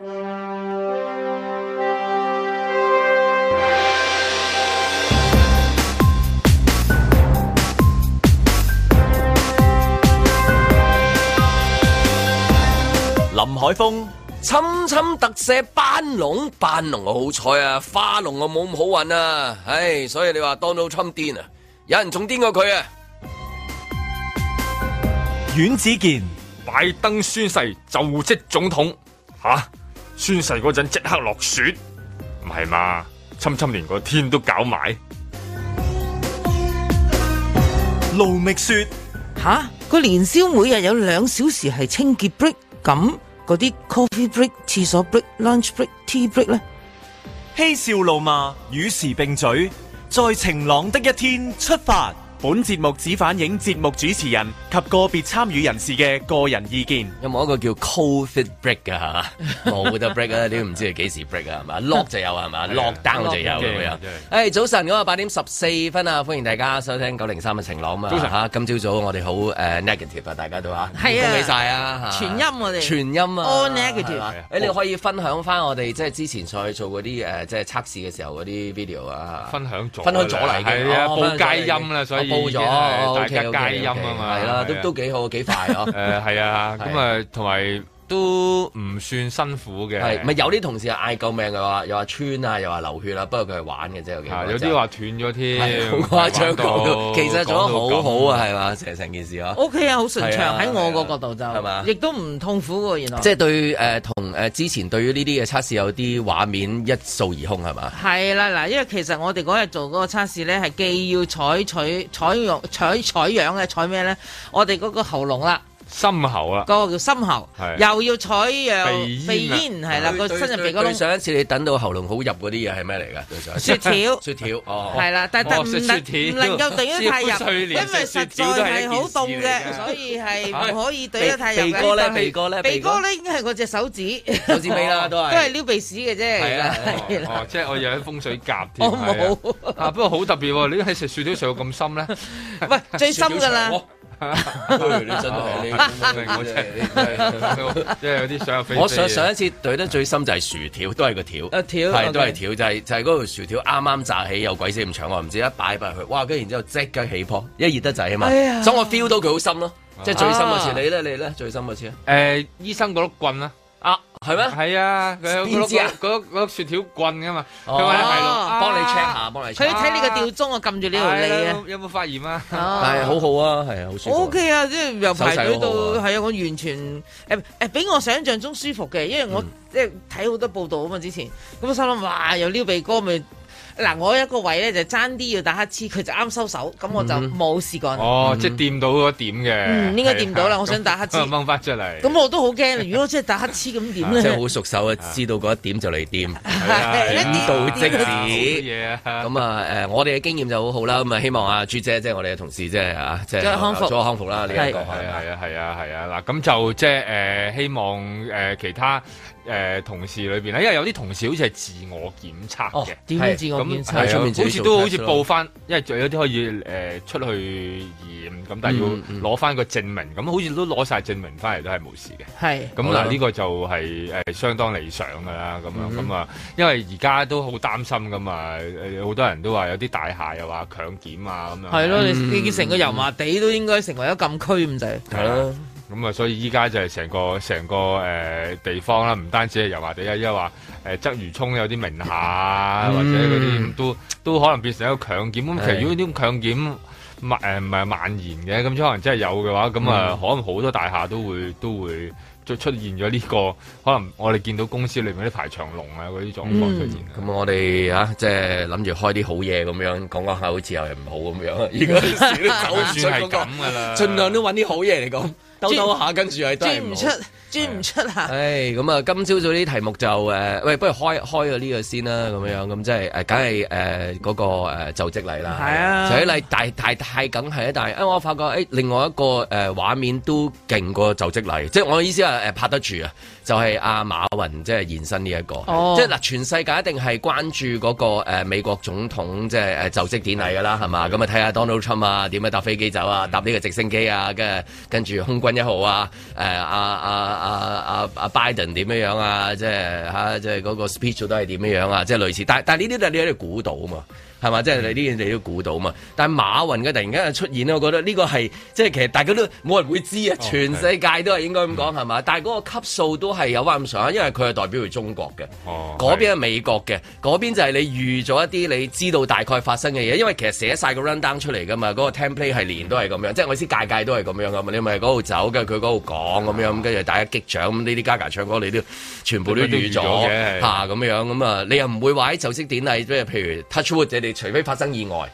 林海峰，侵侵特赦班農，班農我好彩啊，花農我冇咁好運啊，唉，所以你話當勞侵癲啊，有人仲癲過佢啊？阮子健，拜登宣誓就職總統，吓？宣誓嗰陣即刻落雪，唔係嘛？侵侵連個天都搞埋。盧覓雪吓、啊，個年宵每日有兩小時係清潔 break，咁嗰啲 coffee break、廁所 break、lunch break、tea break 咧。嬉笑怒罵，與時並嘴，在晴朗的一天出發。本節目只反映節目主持人及個別參與人士嘅個人意見。有冇一個叫 COVID break 噶、啊、吓？冇 得 break 啊！你都唔知佢幾時 break 啊？係嘛？lock 就有啊？係嘛？lock down 就有嘅。哎、欸，早晨嗰個八點十四分啊！歡迎大家收聽九零三嘅晴朗啊早晨吓，今朝早我哋好誒 negative 啊！大家都啊，恭喜晒啊！全陰我哋。全陰啊！All negative, 啊 all negative. 啊啊。你可以分享翻我哋即係之前再做嗰啲誒即係測試嘅時候嗰啲 video 啊？分享咗，分享咗嚟嘅。係啊，報佳音啦，所以。煲咗，大家皆音啊嘛，係、okay，啦、okay，啊，都都幾好，幾快哦。誒，係啊，咁啊，同、啊、埋。 都唔算辛苦嘅，係咪？有啲同事嗌救命嘅話，又話穿啊，又話流血啊，不過佢係玩嘅啫，嗯，有幾有啲話斷咗添，誇張講，其實做得好好啊，係嘛，成成件事啊，O K 啊，好順暢，喺我個角度就，亦都唔痛苦嘅，原來即係對誒同誒之前對於呢啲嘅測試有啲畫面一掃而空，係嘛？係啦，嗱，因為其實我哋嗰日做嗰個測試咧，係既要採取採用採採樣嘅採咩咧？我哋嗰個喉嚨啦。深喉啊，嗰、嗰個叫深喉，又要採樣鼻煙，煙，係啦，個深入鼻哥窿。對上一次你等到喉嚨好入嗰啲嘢係咩嚟噶？雪條， 雪條，哦，係啦，但係唔、哦、能唔能夠等太入，因為實在係好凍嘅，所以係唔可以等得太入。鼻哥呢鼻哥咧，鼻哥咧，應該係我隻手指手指尾啦，都係都係撩鼻屎嘅啫。係啊，哦，即係我養風水甲添，我冇。不過好特別喎，你喺食雪條上到咁深咧？喂、哦，最深㗎啦！哦 你你啊！真係你明我真係即係有啲上飛。我上上一次懟得最深就係薯條，都係個條，一條，係、okay. 都係條，就係、是、就係嗰條薯條啱啱炸起，又鬼死咁長，我唔知一擺一擺去，哇！跟然之後即刻起泡，一熱得滯啊嘛，所以我 feel 到佢好深咯。即係最深嗰次，ah. 你咧你咧最深嗰次，誒、呃、醫生嗰碌棍啦。係咩？係啊，佢佢攞嗰嗰雪條棍噶嘛，佢話係咯，幫你 check 下，幫你。佢睇你個吊鐘，啊，撳住呢條脷啊！有冇發現啊？係好好啊，係啊，好舒服。O K 啊，即、okay、係、啊、由排隊到係啊，我完全誒誒，比我想象中舒服嘅，因為我即係睇好多報道啊嘛，之前咁我心諗，哇，又撩鼻哥咪。嗱，我一個位咧就爭、是、啲要打乞嗤，佢就啱收手，咁我就冇試過。哦、嗯嗯，即係掂到嗰點嘅，嗯，應該掂到啦、啊。我想打乞嗤，掹、嗯、翻出嚟。咁我都好驚，如果即係打乞嗤咁點咧？呢 即係好熟手啊， 知道嗰一點就嚟掂，一、啊啊啊、到即止。咁啊，啊呃、我哋嘅經驗就好好啦。咁啊，希望阿、啊、朱姐即係我哋嘅同事即係啊，即係做康復啦呢一個，係啊係啊係啊係啊嗱，咁、啊啊、就即係、呃、希望誒、呃、其他。誒、呃、同事裏邊咧，因為有啲同事好似係自我檢測嘅、哦，點樣自我檢測、嗯嗯、好似都好似報翻、呃，因為仲有啲可以誒、呃、出去驗，咁但係要攞翻個證明，咁、嗯嗯、好似都攞晒證明翻嚟都係冇事嘅。係，咁嗱呢個就係、是、誒、呃、相當理想㗎啦。咁樣咁啊、嗯，因為而家都好擔心㗎嘛，好多人都話有啲大廈又話強檢啊咁樣。係咯、嗯，你成個油麻地都應該成為咗禁區咁滯。係、嗯、咯。嗯咁、嗯、啊，所以依家就係成個成個誒、呃、地方啦，唔單止係油麻地啊，因為話誒鰂魚湧有啲名下，嗯、或者嗰啲都都可能變成一個強檢。咁、嗯、其實如果呢啲強檢誒唔係蔓延嘅，咁可能真係有嘅話，咁啊可能好多大廈都會、嗯、都會出出現咗呢、這個可能我哋見到公司裏面啲排長龍啊嗰啲狀況出現。咁、嗯、我哋啊，即係諗住開啲好嘢咁樣，講講下好似又唔好咁樣。依家啲事都走唔出嗰、那個，儘量都搵啲好嘢嚟講。兜兜下，跟住係，鑽唔出，鑽唔出、啊、出啊。唉、哎，咁啊，今朝早啲題目就，誒，喂，不如開開咗呢個先啦，咁樣，咁即係，誒、呃，梗係，誒、呃，嗰、嗰個誒、呃、就職禮啦。係啊，就職禮，大大太梗係啊。但係，因、哎、為我發覺，誒、哎，另外一個誒畫、呃、面都勁過就職禮，即係我意思係，誒，拍得住啊。就係、是、阿、啊、馬雲即係現身呢一個，即係嗱全世界一定係關注嗰個美國總統即係誒就職典禮噶啦，係嘛？咁啊睇下 Donald Trump 啊點樣搭飛機走啊，搭呢個直升機啊，跟跟住空軍一號啊，誒阿阿阿阿阿拜登點樣樣啊，即係嚇即係嗰個 speech 都係點樣樣啊，即、就、係、是、類似，但但呢啲都係呢啲古道啊嘛。係嘛，即係你呢樣你都估到嘛？但係馬雲嘅突然間出現咧，我覺得呢個係即係其實大家都冇人會知啊、哦，全世界都係應該咁講係嘛？但係嗰個級數都係有返咁上，因為佢係代表住中國嘅。哦，嗰邊係美國嘅，嗰邊就係你預咗一啲你知道大概發生嘅嘢，因為其實寫晒個 run down 出嚟㗎嘛，嗰、那個 template 係年都係咁樣，嗯、即係我先屆屆都係咁樣咁啊，你咪嗰度走，跟佢嗰度講咁樣，跟住大家擊掌呢啲 gaga 唱歌你都全部都預咗嚇咁樣咁啊，你又唔會話喺就職典禮譬如 touchwood 除非發生意外。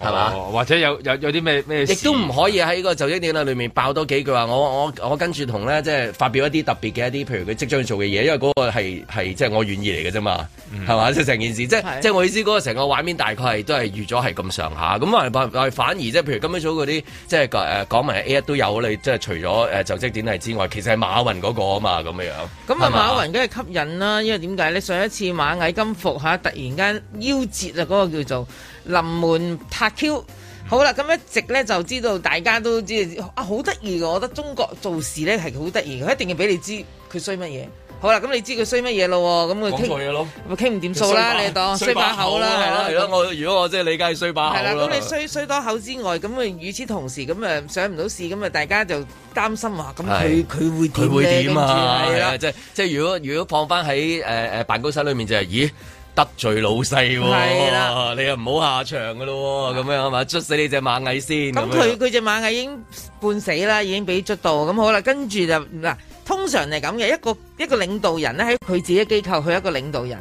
係嘛、哦？或者有有有啲咩咩？亦都唔可以喺個就職典禮裏面爆多幾句話。我我我跟住同咧，即係發表一啲特別嘅一啲，譬如佢即將做嘅嘢，因為嗰個係係即係我願意嚟嘅啫嘛。係、嗯、嘛，即成件事，即即係我意思，嗰個成個畫面大概係都係預咗係咁上下。咁啊，反而即係譬如今朝早嗰啲，即係誒、呃、講埋 A 一都有你，即係除咗誒就職典禮之外，其實係馬雲嗰個啊嘛，咁樣樣。咁啊，馬雲梗係吸引啦，因為點解咧？上一次螞蟻金服嚇、啊、突然間夭折啊，嗰、那個叫做。臨門撻 Q，好啦，咁一直咧就知道，大家都知啊，好得意嘅，我覺得中國做事咧係好得意，佢一定要俾你知佢衰乜嘢。好、嗯、啦，咁你知佢衰乜嘢咯。咁佢講錯嘢咪傾唔掂數啦，你當衰把口啦，係我如果我即係理解係衰把口啦。咁你衰衰多口之外，咁啊與此同時咁啊、嗯、上唔到市，咁啊大家就擔心啊，啊，咁佢佢會點啊？係啊，即係即係如果如果放翻喺誒誒辦公室裏面就係、係，咦？得罪老細、哦，係啦，你又唔好下場噶咯、哦，咁樣係嘛，捽死你隻螞蟻先。咁佢佢隻螞蟻已經半死啦，已經俾捽到，咁好啦，跟住就嗱，通常係咁嘅，一個一個領導人咧喺佢自己機構，去一個領導人，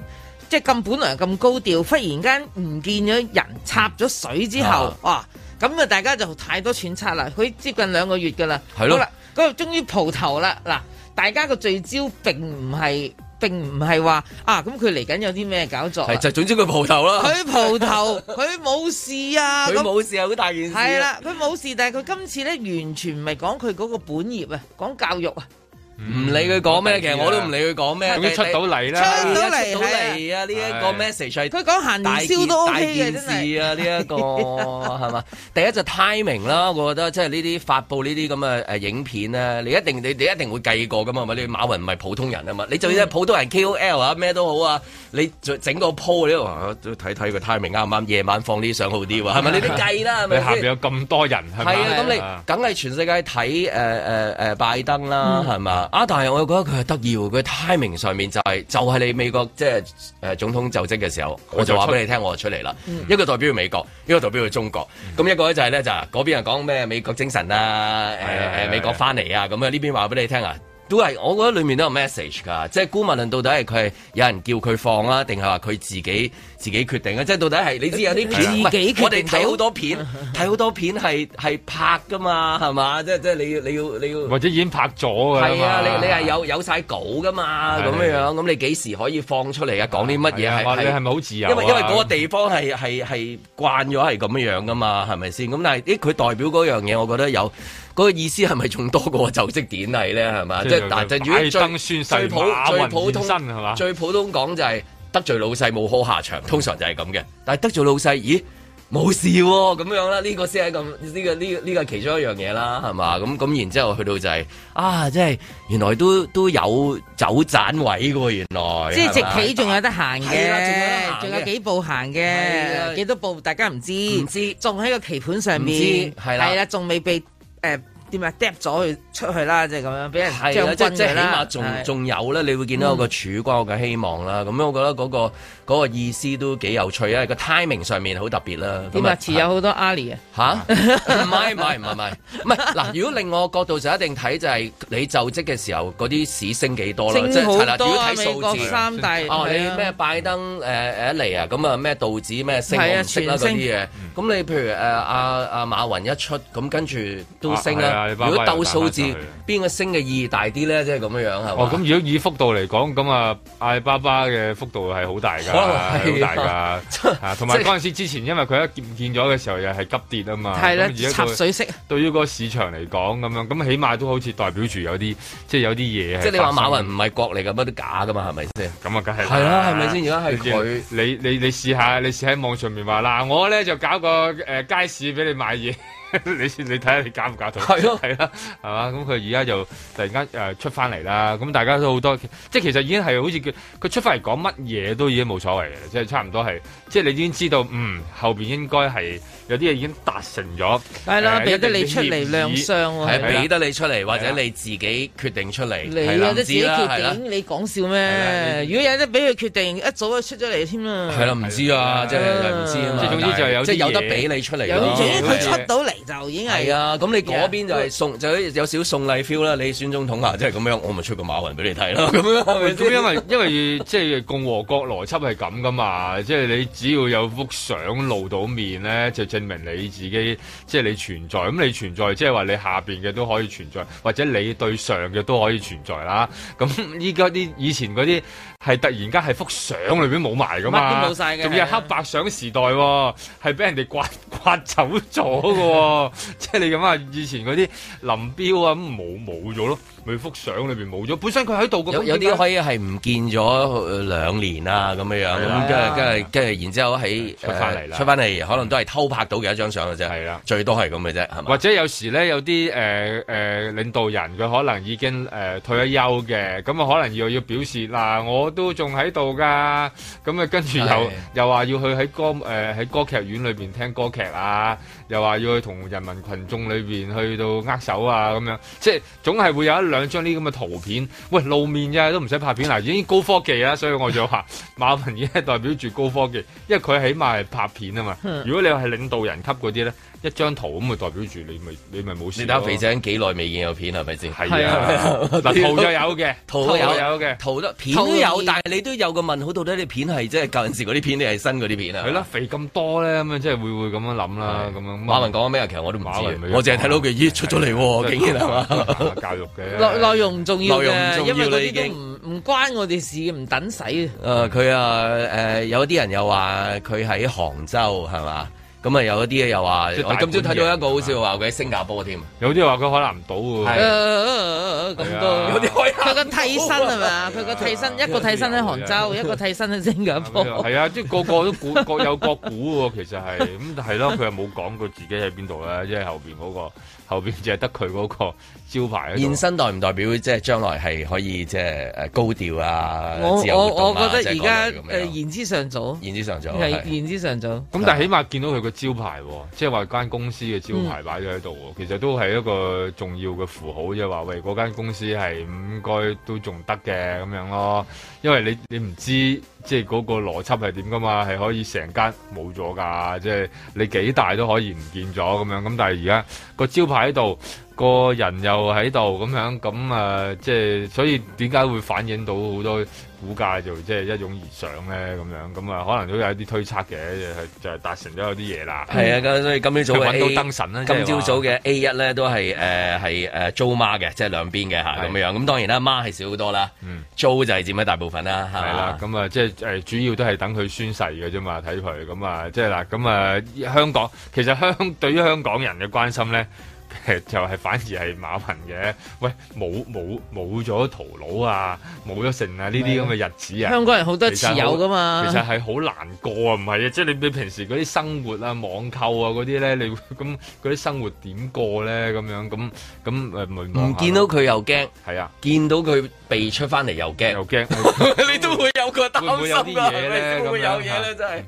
即係咁本來咁高調，忽然間唔見咗人插咗水之後，哇，咁啊大家就太多揣測啦，佢接近兩個月噶啦，好啦，嗰個終於蒲頭啦，嗱，大家個聚焦並唔係。並唔係話啊，咁佢嚟緊有啲咩搞作？係就總之佢蒲頭啦，佢蒲頭，佢冇事啊，佢 冇事啊！好大件事。係啦，佢冇事，但係佢今次咧完全唔係講佢嗰個本業啊，講教育啊。唔理佢講咩，其實我都唔理佢講咩，佢出到嚟啦。出到嚟啊，呢、啊啊、一個 message。佢講行銷大件事啊，呢一個係嘛？第一就 timing 啦，我覺得即係呢啲發布呢啲咁嘅影片呢，你一定你哋一定會計過㗎嘛？你馬雲唔係普通人啊嘛、嗯，你就算係普通人 KOL 啊咩都好啊，你就整個 po 呢個都睇睇個 timing 啱唔啱？夜晚放啲相好啲喎，係咪？你計啦，係咪你下邊有咁多人係嘛？咁、啊啊啊啊啊啊、你梗係全世界睇、呃呃、拜登啦，係、嗯、嘛？啊！但係我又覺得佢係得意喎，佢 timing 上面就係、是、就係、是、你美國即係誒總統就職嘅時候，我就話俾你聽，我就出嚟啦、嗯。一個代表是美國，一個代表是中國。咁、嗯嗯嗯、一個咧就係、是、咧就嗰、是、邊人講咩美國精神啊，誒、嗯、誒、呃哎、美國翻嚟啊，咁啊呢邊話俾你聽啊。都係，我覺得裏面都有 message 㗎，即係顧問論到底係佢係有人叫佢放啦、啊，定係話佢自己自己決定啊？即係到底係你知有啲片，我哋睇好多片，睇 好多片係係拍噶嘛，係嘛？即係即係你要你要你要，或者已經拍咗㗎。係啊，你你係有有晒稿噶嘛？咁、啊、樣咁、啊啊、你幾時可以放出嚟啊？講啲乜嘢係係咪好自由、啊？因為因為嗰個地方係係係慣咗係咁樣㗎嘛，係咪先？咁但係咦，佢代表嗰樣嘢，我覺得有。嗰、那個意思係咪仲多過就職典禮咧？係、就、嘛、是？即係嗱，如果最最普最普通係嘛？最普通講就係、是、得罪老細冇好下場，通常就係咁嘅。但係得罪老細，咦，冇事喎、哦？咁樣啦，呢、這個先係咁呢個呢呢、這個這個這個係其中一樣嘢啦，係嘛？咁咁然之後去到就係、是、啊，即係原來都都有走盞位嘅喎，原來。即係直企仲有得行嘅，仲、啊、有幾步行嘅，幾、啊、多步大家唔知？唔、嗯、知。仲喺個棋盤上面係啦，仲未、啊、被誒。呃點啊 d 咗佢出去啦、就是，即係咁樣，俾人睇，軍嘅即係起碼仲仲有咧。你會見到個曙光，嘅、嗯、希望啦。咁樣我覺得嗰、那個那個意思都幾有趣有啊。個 timing 上面好特別啦。點啊？持有好多阿里啊？吓？唔係唔係唔係唔係嗱。如果另外角度就一定睇就係你就職嘅時候嗰啲市升幾多啦。升好多啊、就是數字！美國三大哦、啊，你咩拜登誒誒嚟啊？咁啊咩道指咩升啊升啦嗰啲嘢。咁、嗯、你譬如誒阿阿馬雲一出，咁跟住都升啦。啊啊啊、爸爸如果鬥數字，邊個升嘅意義大啲咧？即係咁樣樣係哦，咁如果以幅度嚟講，咁啊，阿里巴巴嘅幅度係好大噶，好大噶。同埋嗰陣時之前，因為佢一見唔見咗嘅時候又係急跌啊嘛。係啦，插水式。對於個市場嚟講，咁樣咁起碼都好似代表住有啲，即、就、係、是、有啲嘢。即係你話馬雲唔係國嚟嘅，乜都假噶嘛，係咪先？咁啊，梗係係啦，係咪先？如果係佢，你你你試下，你試喺網上面話嗱，我咧就搞個誒、呃、街市俾你買嘢。 你看看你睇下你搞唔搞到？ 係咯，係啦，係嘛？咁佢而家就突然間誒出翻嚟啦，咁大家都好多，即係其實已經係好似佢佢出翻嚟講乜嘢都已經冇所謂嘅啦，即係差唔多係。即係你已經知道，嗯，後面應該係有啲嘢已經達成咗。係啦，俾、呃得，啊、得你出嚟亮相喎，係俾得你出嚟，或者你自己決定出嚟。你有得自己決定，你講笑咩？如果有得俾佢決定，一早就出咗嚟添啦。係啦，唔知啊，即係唔知啊。即係總之就係有得俾你出嚟。總之佢出到嚟就已經係啊。咁你嗰邊就係送，就有少少送禮 feel 啦。你選總統啊即係咁樣，我咪出個馬雲俾你睇啦。咁樣咁因為因為即係共和國邏輯係咁噶嘛，即係、 就是、你。只要有幅相露到面呢，就證明你自己，即係你存在。咁你存在，即係話你下邊嘅都可以存在，或者你對上嘅都可以存在啦。咁依家啲以前嗰啲。係突然間係幅相裏邊冇埋噶嘛，冇晒嘅，仲要黑白相時代、啊，係俾人哋刮刮走咗嘅、啊， 即係你咁啊！以前嗰啲林彪啊，冇冇咗咯，咪幅相裏邊冇咗，本身佢喺度個有啲可以係唔見咗兩年啦、啊、咁樣，咁跟住跟住跟住，然之後喺出翻嚟啦，出翻嚟可能都係偷拍到嘅一張相嘅啫，係啦，最多係咁嘅啫，係嘛？或者有時咧，有啲誒誒領導人佢可能已經誒、呃、退咗休嘅，咁啊可能又要,要表示嗱、呃、我。我都仲喺度噶，咁啊跟住又又話要去喺歌誒喺、呃、歌劇院裏邊聽歌劇啊，又話要去同人民群眾裏邊去到握手啊，咁樣即係總係會有一兩張呢咁嘅圖片，喂露面啫，都唔使拍片啦，已經高科技啦，所以我就話馬雲已經係代表住高科技，因為佢起碼係拍片啊嘛，如果你話係領導人級嗰啲咧。一張圖咁咪代表住你咪你咪冇事。你睇下肥仔幾耐未見有片係咪先？係啊，是是啊 圖就有嘅，圖有有嘅，圖都片都有，但係你都有個問號，好到底你啲片係即係舊陣時嗰啲片你係新嗰啲片啊？係啦，肥咁多咧，咁樣即係會會咁樣諗啦，咁、啊、樣。馬雲講咩啊？其實我都唔知文，我淨係睇到佢咦出咗嚟、啊啊，竟然嘛、啊、教育嘅內內容唔重要,內容重要，因為嗰啲都唔唔關我哋事，唔等使嘅。誒、嗯，佢、呃、啊，誒、呃，有啲人又話佢喺杭州，係嘛？咁、嗯、啊，有一啲咧又話，我今朝睇到一個好笑話，佢喺新加坡添，有啲話佢海南島喎，咁、啊啊、多、啊、有啲佢個替身係嘛，佢個、啊、替身一個替身喺杭州，一個替身喺、啊、新加坡，係啊，即係個、啊啊嗯啊啊啊、個都估 各有各估喎，其實係咁係咯，佢又冇講佢自己喺邊度啦， 即係後邊嗰、那個。後邊淨係得佢嗰個招牌現身，代唔代表即係將來係可以即係誒高調啊？我自由啊我我覺得而家誒言之尚早，言之尚早係言之尚早。咁但係起碼見到佢個招牌，即係話間公司嘅招牌擺咗喺度，其實都係一個重要嘅符號，即係話喂嗰間公司係應該都仲得嘅，咁樣咯。因為你你唔知。即係嗰個邏輯係點㗎嘛？係可以成間冇咗㗎，即係你幾大都可以唔見咗咁樣。咁但係而家個招牌喺度，個人又喺度咁樣，咁誒，即係所以點解會反映到好多？估價就即係一擁而上咧，咁樣咁啊，可能都有一啲推測嘅，就係、係、達成咗有啲嘢啦。係啊，咁所以今朝早嘅揾到燈神啦。今朝早嘅 A 一咧都係誒係誒租孖嘅，即係兩邊嘅嚇咁樣。咁、呃就是、當然啦，孖係少好多啦，租、嗯、就係佔一大部分啦。係啦，咁啊，即係誒主要都係等佢宣誓嘅啫嘛，睇佢咁啊，即係嗱咁啊，香港其實香對於香港人嘅關心咧。就 係反而係馬雲嘅，喂冇冇冇咗淘寶啊，冇咗成啊呢啲咁嘅日子啊！香港人好多次很持有㗎嘛，其實係好難過啊！唔係啊，即係你你平時嗰啲生活啊、網購啊嗰啲咧，你咁嗰啲生活點過咧？咁樣咁咁誒唔見到佢又驚，係啊！見到佢避出翻嚟又驚，又驚， 你都會有個擔心啊！會唔會你都會有啲嘢咧？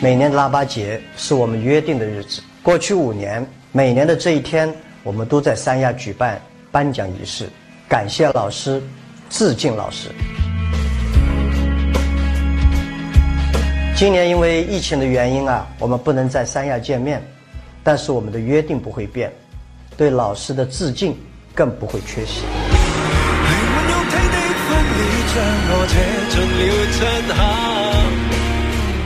每年嘅臘八節係我們約定嘅日子。過去五年，每年的這一天，我們都在三亞舉辦頒獎儀式，感謝老師，致敬老師。今年因為疫情的原因啊，我們不能在三亞見面，但是我們的約定不會變，對老師的致敬更不會缺席。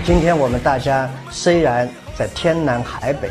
今天我們大家雖然在天南海北。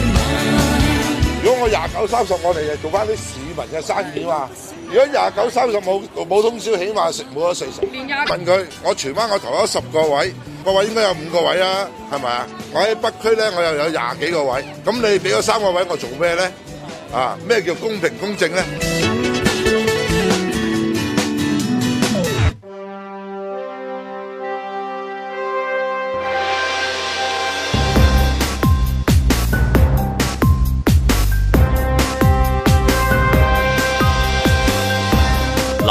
我廿九三十，我哋就做翻啲市民嘅生意嘛。如果廿九三十冇冇通宵，起碼食冇咗四十。問佢，我荃灣我投咗十個位，個位應該有五個位啦，係咪啊？我喺北區咧，我又有廿幾個位，咁你俾咗三個位我做咩咧？啊，咩叫公平公正咧？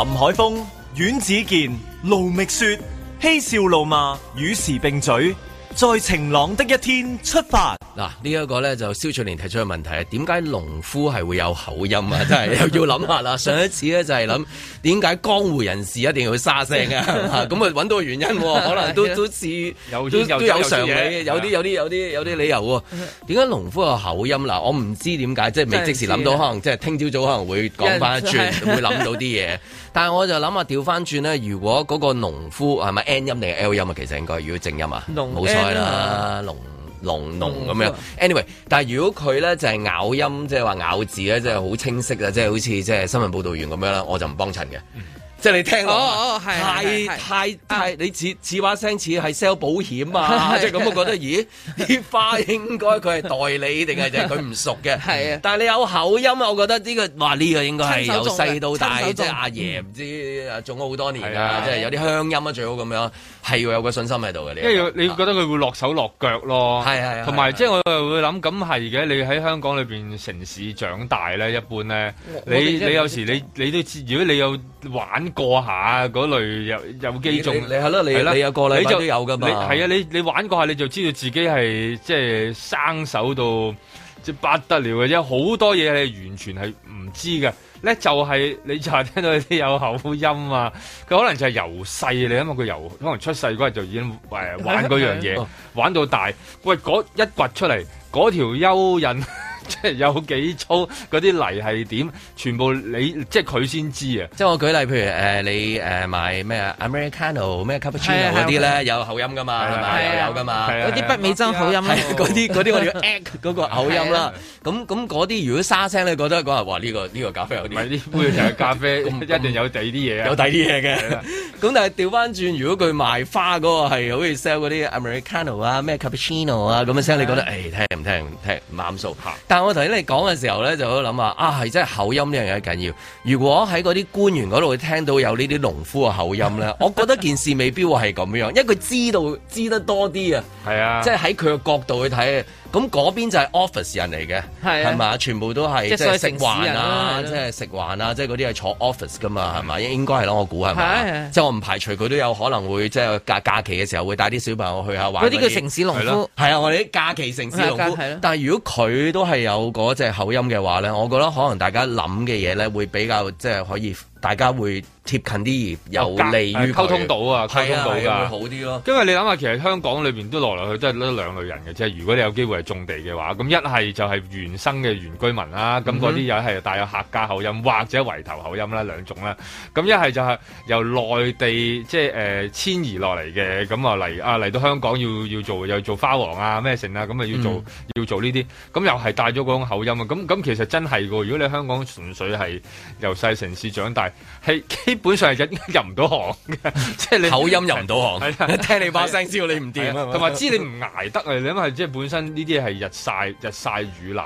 林海峰、阮子健、盧覓雪、嬉笑怒罵、與時並嘴在晴朗的一天出發。嗱，呢一個咧就蕭翠蓮提出嘅問題係：點解農夫係會有口音啊？真 係又要諗下啦。上一次咧就係諗點解江湖人士一定要沙聲啊？咁啊，揾到個原因， 可能都 都似都都有常理， 有啲有啲有啲有啲理由。點 解農夫有口音？嗱，我唔知點解，即係未即時諗到，可能即係聽朝早可能會講翻一轉， 會諗到啲嘢。但係我就諗下調翻轉咧，如果嗰個農夫係咪 N 音定係 L 音啊？其實應該如果正音啊，冇錯啦，農農農咁樣。Anyway，但係如果佢咧就係咬音，即係話咬字咧，即係好清晰啊，即係好似即係新聞報道員咁樣啦，我就唔幫襯嘅。嗯.即係你聽到，oh, oh, yes, yes, yes, yes, yes. 太太太，你似似話聲似係 sell 保險啊，即係咁，我覺得，咦，啲花應該佢係代理定係就佢唔熟嘅？啊， 但係你有口音啊，我覺得呢個哇，呢個應該係由細到大，即係阿爺唔知啊，做咗好多年啊，即係有啲鄉音啊，最好咁樣。係要有個信心喺度嘅你，因為你覺得佢會落手落腳咯，同埋即係我又會諗，咁係嘅。你喺香港裏面城市長大咧，一般咧，你你有時你你都知，如果你有玩過下嗰類有有機種你係咯，你你有過禮拜都有㗎。你係啊，你你，你玩過下你就知道自己係即係生手到即係不得了嘅啫，好多嘢你完全係唔知嘅。咧就係、是、你，就係聽到啲有口音啊！佢可能就係由細你諗下，因為佢由可能出世嗰日就已經、呃、玩嗰樣嘢， 玩到大，喂嗰一掘出嚟嗰條蚯蚓。即 係有幾粗嗰啲泥係點？全部你即係佢先知啊！即係我舉例，譬如誒你誒賣咩啊 Americano 咩 Cappuccino 嗰啲咧，有口音㗎嘛係咪、啊啊？有㗎嘛？嗰啲北美洲口音嗰啲嗰啲我要 ack 嗰、那個口音啦。咁咁嗰啲如果沙聲你覺得嗰日哇呢、這個呢、這個咖啡有啲唔咖啡 一定有底啲嘢、啊，有底啲嘢嘅。咁、啊、 但係調翻轉，如果佢賣花嗰個係好似 sell 嗰啲 Americano 啊、咩 Cappuccino 啊咁嘅聲，你覺得誒聽唔聽？聽唔啱數。我頭先你講嘅時候咧，就好諗下，啊係真係口音呢樣嘢緊要。如果喺嗰啲官員嗰度聽到有呢啲農夫嘅口音咧， 我覺得件事未必會係咁樣，因為佢知道知得多啲啊，即係喺佢嘅角度去睇。咁嗰邊就係 office 人嚟嘅，係咪？全部都係即係、就是、食環啊，即係食環啊，即係嗰啲係坐 office 噶嘛，係咪？應該係咯，我估係咪？即係我唔排除佢都有可能會即係假假期嘅時候會帶啲小朋友去下玩。嗰啲叫城市農夫，是的是的，係啊，我哋啲假期城市農夫。但係如果佢都係有嗰隻口音嘅話咧，我覺得可能大家諗嘅嘢咧會比較即係可以，大家會。貼近啲有利於溝通到啊，溝通到㗎、啊啊啊啊，會好啲咯、啊。因為你諗下，其實香港裏邊都嚟嚟去去都係得兩類人嘅啫。如果你有機會係種地嘅話，咁一係就係原生嘅原居民啦、啊，咁嗰啲又係帶有客家口音、嗯、或者圍頭口音啦、啊、兩種啦、啊。咁一係就係由內地即係誒遷移落嚟嘅，咁啊嚟啊嚟到香港，要要做又做花王啊咩成啊，咁啊要做、嗯、要做呢啲，咁又係帶咗嗰種口音啊。咁咁其實真係喎、啊，如果你香港純粹係由細城市長大，係本上係入入唔到行嘅，即、就、係、是、你口音入唔到行， 聽你把聲你不是不是知道你唔掂，同埋知你唔捱得啊！你諗係即係本身呢啲嘢係日曬日曬雨淋，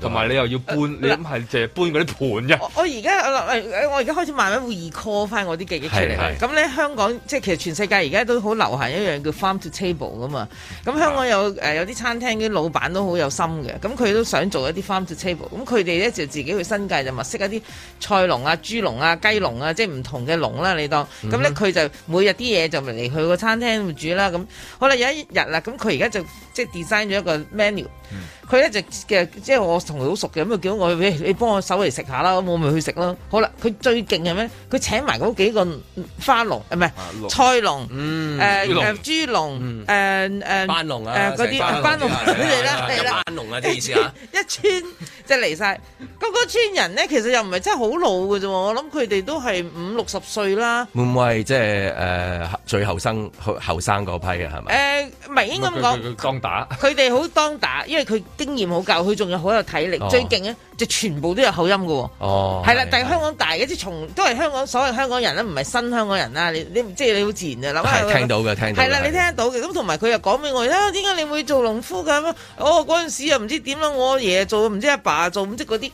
同埋你又要搬，呃、你諗係淨係搬嗰啲盤啫。我而家我而家開始慢慢 recall 翻我啲記憶出嚟，咁咧香港即係其實全世界而家都好流行一樣叫 farm to table 㗎嘛。咁香港有誒、呃、有啲餐廳啲老闆都好有心嘅，咁佢都想做一啲 farm to table。咁佢哋咧就自己去新界就物色一啲菜農啊、豬農啊、雞農啊，即係唔。同嘅龍啦，你當咁咧，佢就每日啲嘢就嚟佢個餐廳度煮啦，咁好啦，有一日啦，咁佢而家就。即係 design 咗一個 menu，佢咧就，嘅即係我同佢好熟嘅，咁叫我去，你、哎、你幫我手嚟食下啦，咁我咪去食咯。好啦，佢最勁係咩？佢請埋嗰幾個花農，唔係菜農，豬農，誒龍誒嗰啲龍農啊，你哋啦，啊，一村即係嚟晒。咁 嗰開 村人咧，其實又唔係真係好老嘅啫喎，我諗佢哋都係五六十歲啦。會唔會係即係誒、呃、最後生後生嗰批嘅係咪？誒應該咁講。呃佢哋好當打，因為佢經驗好夠，佢仲有好有體力，oh. 最勁咧就全部都有口音㗎，係、oh, 啦。但係香港大嘅即係從都係香港所謂香港人啦，唔係新香港人啦，你你即係、就是、你好自然就諗。係聽到嘅，聽到係啦，你聽得到嘅。咁同埋佢又講俾我聽，點、啊、解你會做農夫㗎？哦，嗰陣時又唔知點樣，我爺做，唔知阿爸，爸做，唔知嗰啲。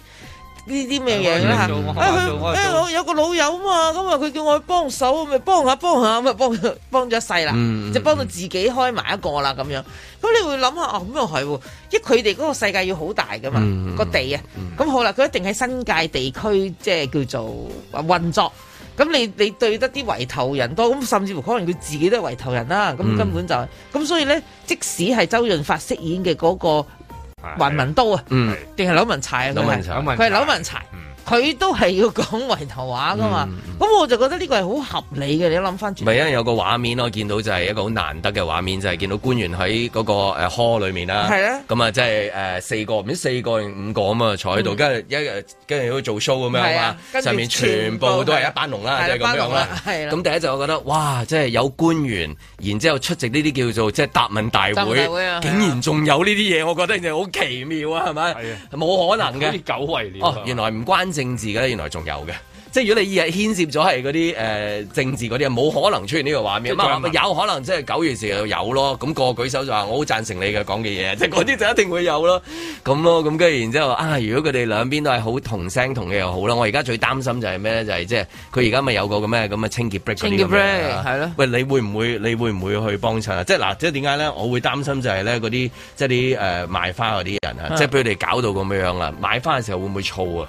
呢啲咩嘢啦？哎哎、我有個老友嘛，咁啊佢叫我去幫手，咪幫下幫下，咪幫幫咗一世啦、嗯，就幫到自己開埋一個啦咁樣。咁你會諗下，哦咁又係，因為佢哋嗰個世界要好大噶嘛，個、嗯、地啊。咁、嗯、好啦，佢一定喺新界地區，即、就、係、是、叫做運運作。咁你你對得啲圍頭人多，咁甚至乎可能佢自己都係圍頭人啦。咁根本就係，咁、嗯、所以咧，即使係周潤發飾演嘅嗰、那個。還文刀啊，嗯，定係柳文柴啊，佢係佢係柳文柴。佢都係要講圍頭話噶嘛，咁、嗯、我就覺得呢個係好合理嘅。你諗翻住，唔係因為有個畫面我見到就係一個好難得嘅畫面，就係、是、見到官員喺嗰個誒殼裏面啦。係咧，咁啊即係四個唔知四個定五個咁啊坐喺度，跟住一跟住佢做 show 咁樣嘛，上面全部都係一班龍啦，就係、是、咁樣啦。咁、嗯、第一就我覺得哇，即、就、係、是、有官員然之後出席呢啲叫做即係、就是、答問大會，大會啊、竟然仲有呢啲嘢，我覺得就好奇妙啊，係咪？係冇可能嘅，久違了原來唔關政治嘅，原來仲有嘅。即係如果你牽涉咗係嗰啲誒政治嗰啲，冇可能出現呢個畫面。咁啊，有可能即係九月時又有咯。咁個舉手就話我好贊成你嘅講嘅嘢，即係嗰啲就一定會有咯，咁咯。咁跟住然之後啊，如果佢哋兩邊都係好同聲同氣又好啦。我而家最擔心就係咩咧？就係即係佢而家咪有個咩咁嘅清潔 break 嗰啲。喂，你會唔會你會唔會去幫襯啊？即係嗱，即係點解咧？我會擔心就係咧嗰啲即係啲誒賣花嗰啲人啊，即係俾佢哋搞到咁樣樣啊。賣花嘅 時候會唔會燥啊？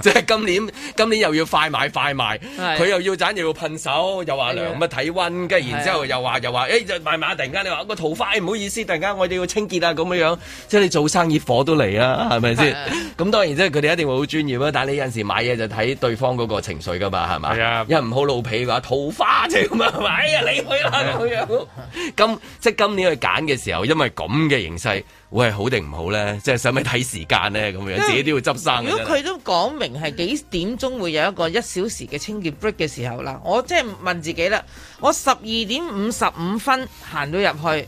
即 係今年，今年又要快買快賣，佢又要揀又要噴手，又話涼乜體温，跟住然之後又話又話，誒就買買，突然間你話個桃花唔、欸、好意思，突然間我哋要清潔啊咁樣樣，即係你做生意火都嚟啦、啊，係咪先？咁當然即係佢哋一定會好專業啦，但係你有陣時候買嘢就睇對方嗰個情緒噶嘛，係咪？係啊，因為唔好露皮話桃花就咁樣， 哎呀，你去啦咁樣。咁即係今年去揀嘅時候，因為咁嘅形勢，會係好定唔好咧？即係使咪睇時間咧？咁樣自己都要執生。如果佢都講明係幾點鐘會有一個一小時嘅清潔 break 嘅時候啦，我即係問自己啦，我十二點五十五分行到入去。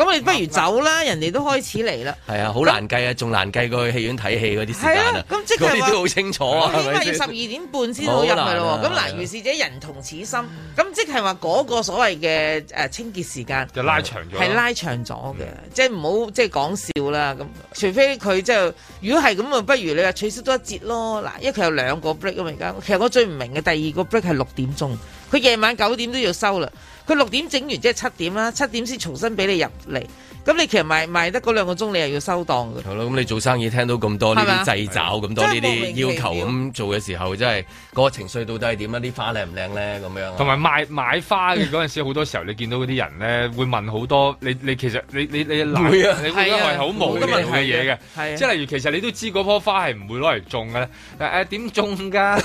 咁你不如走啦、嗯，人哋都開始嚟啦。係啊，好難計，難計啊，仲難計過去戲院睇戲嗰啲時間啊，咁即係嗰啲都好清楚啊。起碼要十二點半先好入去咯。咁嗱，如是者人同此心。咁、嗯、即係話嗰個所謂嘅清潔時間，就拉長咗。係拉長咗嘅、嗯，即係唔好即係講笑啦。咁除非佢即係，如果係咁啊，不如你話取消多一節咯。嗱，因為佢有兩個 break 啊嘛。而家其實我最唔明嘅，第二個 break 係六點鐘，佢夜晚九點都要收啦。佢六點整完即係七點啦，七點先重新俾你入嚟。咁你其實賣,賣得嗰兩個鐘，你又要收檔㗎。咁你做生意聽到咁多呢啲掣肘，咁多呢啲要求，咁做嘅時候真係、嗰個情緒到底係點啊？啲花靚唔靚咧？咁樣同埋賣買花嘅嗰陣時，好多時候你見到嗰啲人咧會問好多，你你其實你你你會啊，你會問好、啊、無端端嘅嘢嘅，即係例如其實你都知嗰棵花係唔會攞嚟種嘅咧。誒點種㗎？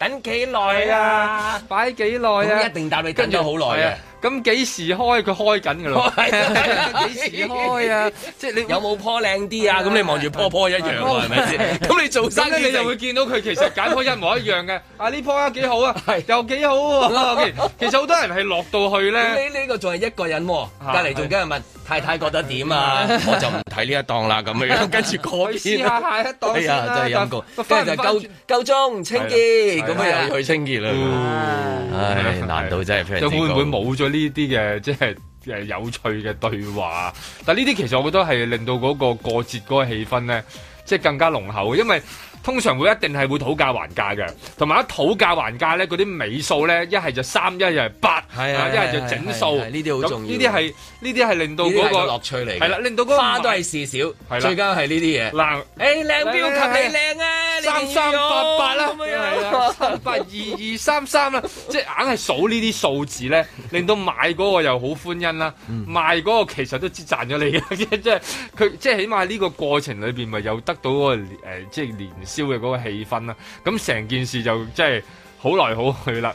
等幾耐啊？擺幾耐啊？ 等久啊 啊一定答你等、啊，跟咗好耐。係啊，咁幾時開？佢開緊噶啦，幾 時開啊？ 即係你有冇棵靚啲啊？咁 你望住棵棵一樣喎、啊，係咪先？咁 你做生咧，你就會見到佢其實揀開一模一樣嘅。 啊，呢棵啊幾好啊， 又幾好喎、啊。 其實好多人係落到去咧，你呢個仲係一個人、啊，隔籬仲加人問。太太覺得點啊？ 我就唔睇呢一檔啦，咁樣跟住改先。係啊，係、哎、啊，代先真係陰公。跟住就夠還還夠鐘清潔，咁樣又要去清潔啦。唉、哎，難度真係非常之高。就會唔會冇咗呢啲嘅即係誒有趣嘅對話？但呢啲其實我覺得係令到嗰個過節嗰個氣氛咧，即、就、係、是、更加濃厚，因為。通常會一定係會討價還價嘅，同埋一討價還價咧，嗰啲尾數咧，一係就三、啊，一係八，一係就整數。呢啲好重要，呢啲係呢啲係令到嗰、那個，個樂趣嚟。係啦、啊，令到個花，花都係事少，最緊係呢啲嘢。嗱，誒靚標級你靚啊，三三八八啦，係啦、啊，八二二三三啦，即係硬係數呢啲數字咧，令到買嗰個又好歡欣啦，賣、嗯、嗰個其實都知賺咗你嘅，即係佢即係起碼呢個過程裏面咪有得到、那個誒即、呃就是連招嘅嗰個氣氛啦，咁成件事就真係好來好去啦。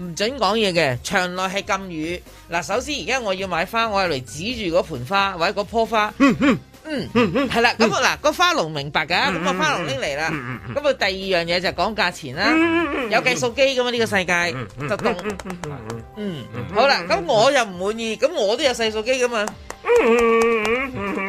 唔准講嘢嘅，場內係禁語。嗱，首先而家我要買花，我係嚟指住嗰盆花或者嗰棵花。嗯嗯嗯嗯，係啦。咁啊嗱，個花農明白噶，咁個花農拎嚟啦。咁啊，第二樣嘢就係講價錢啦。有計數機噶嘛，呢、這個世界就凍嗯好啦，咁我又唔滿意，咁我都有細數機噶嘛。嗯。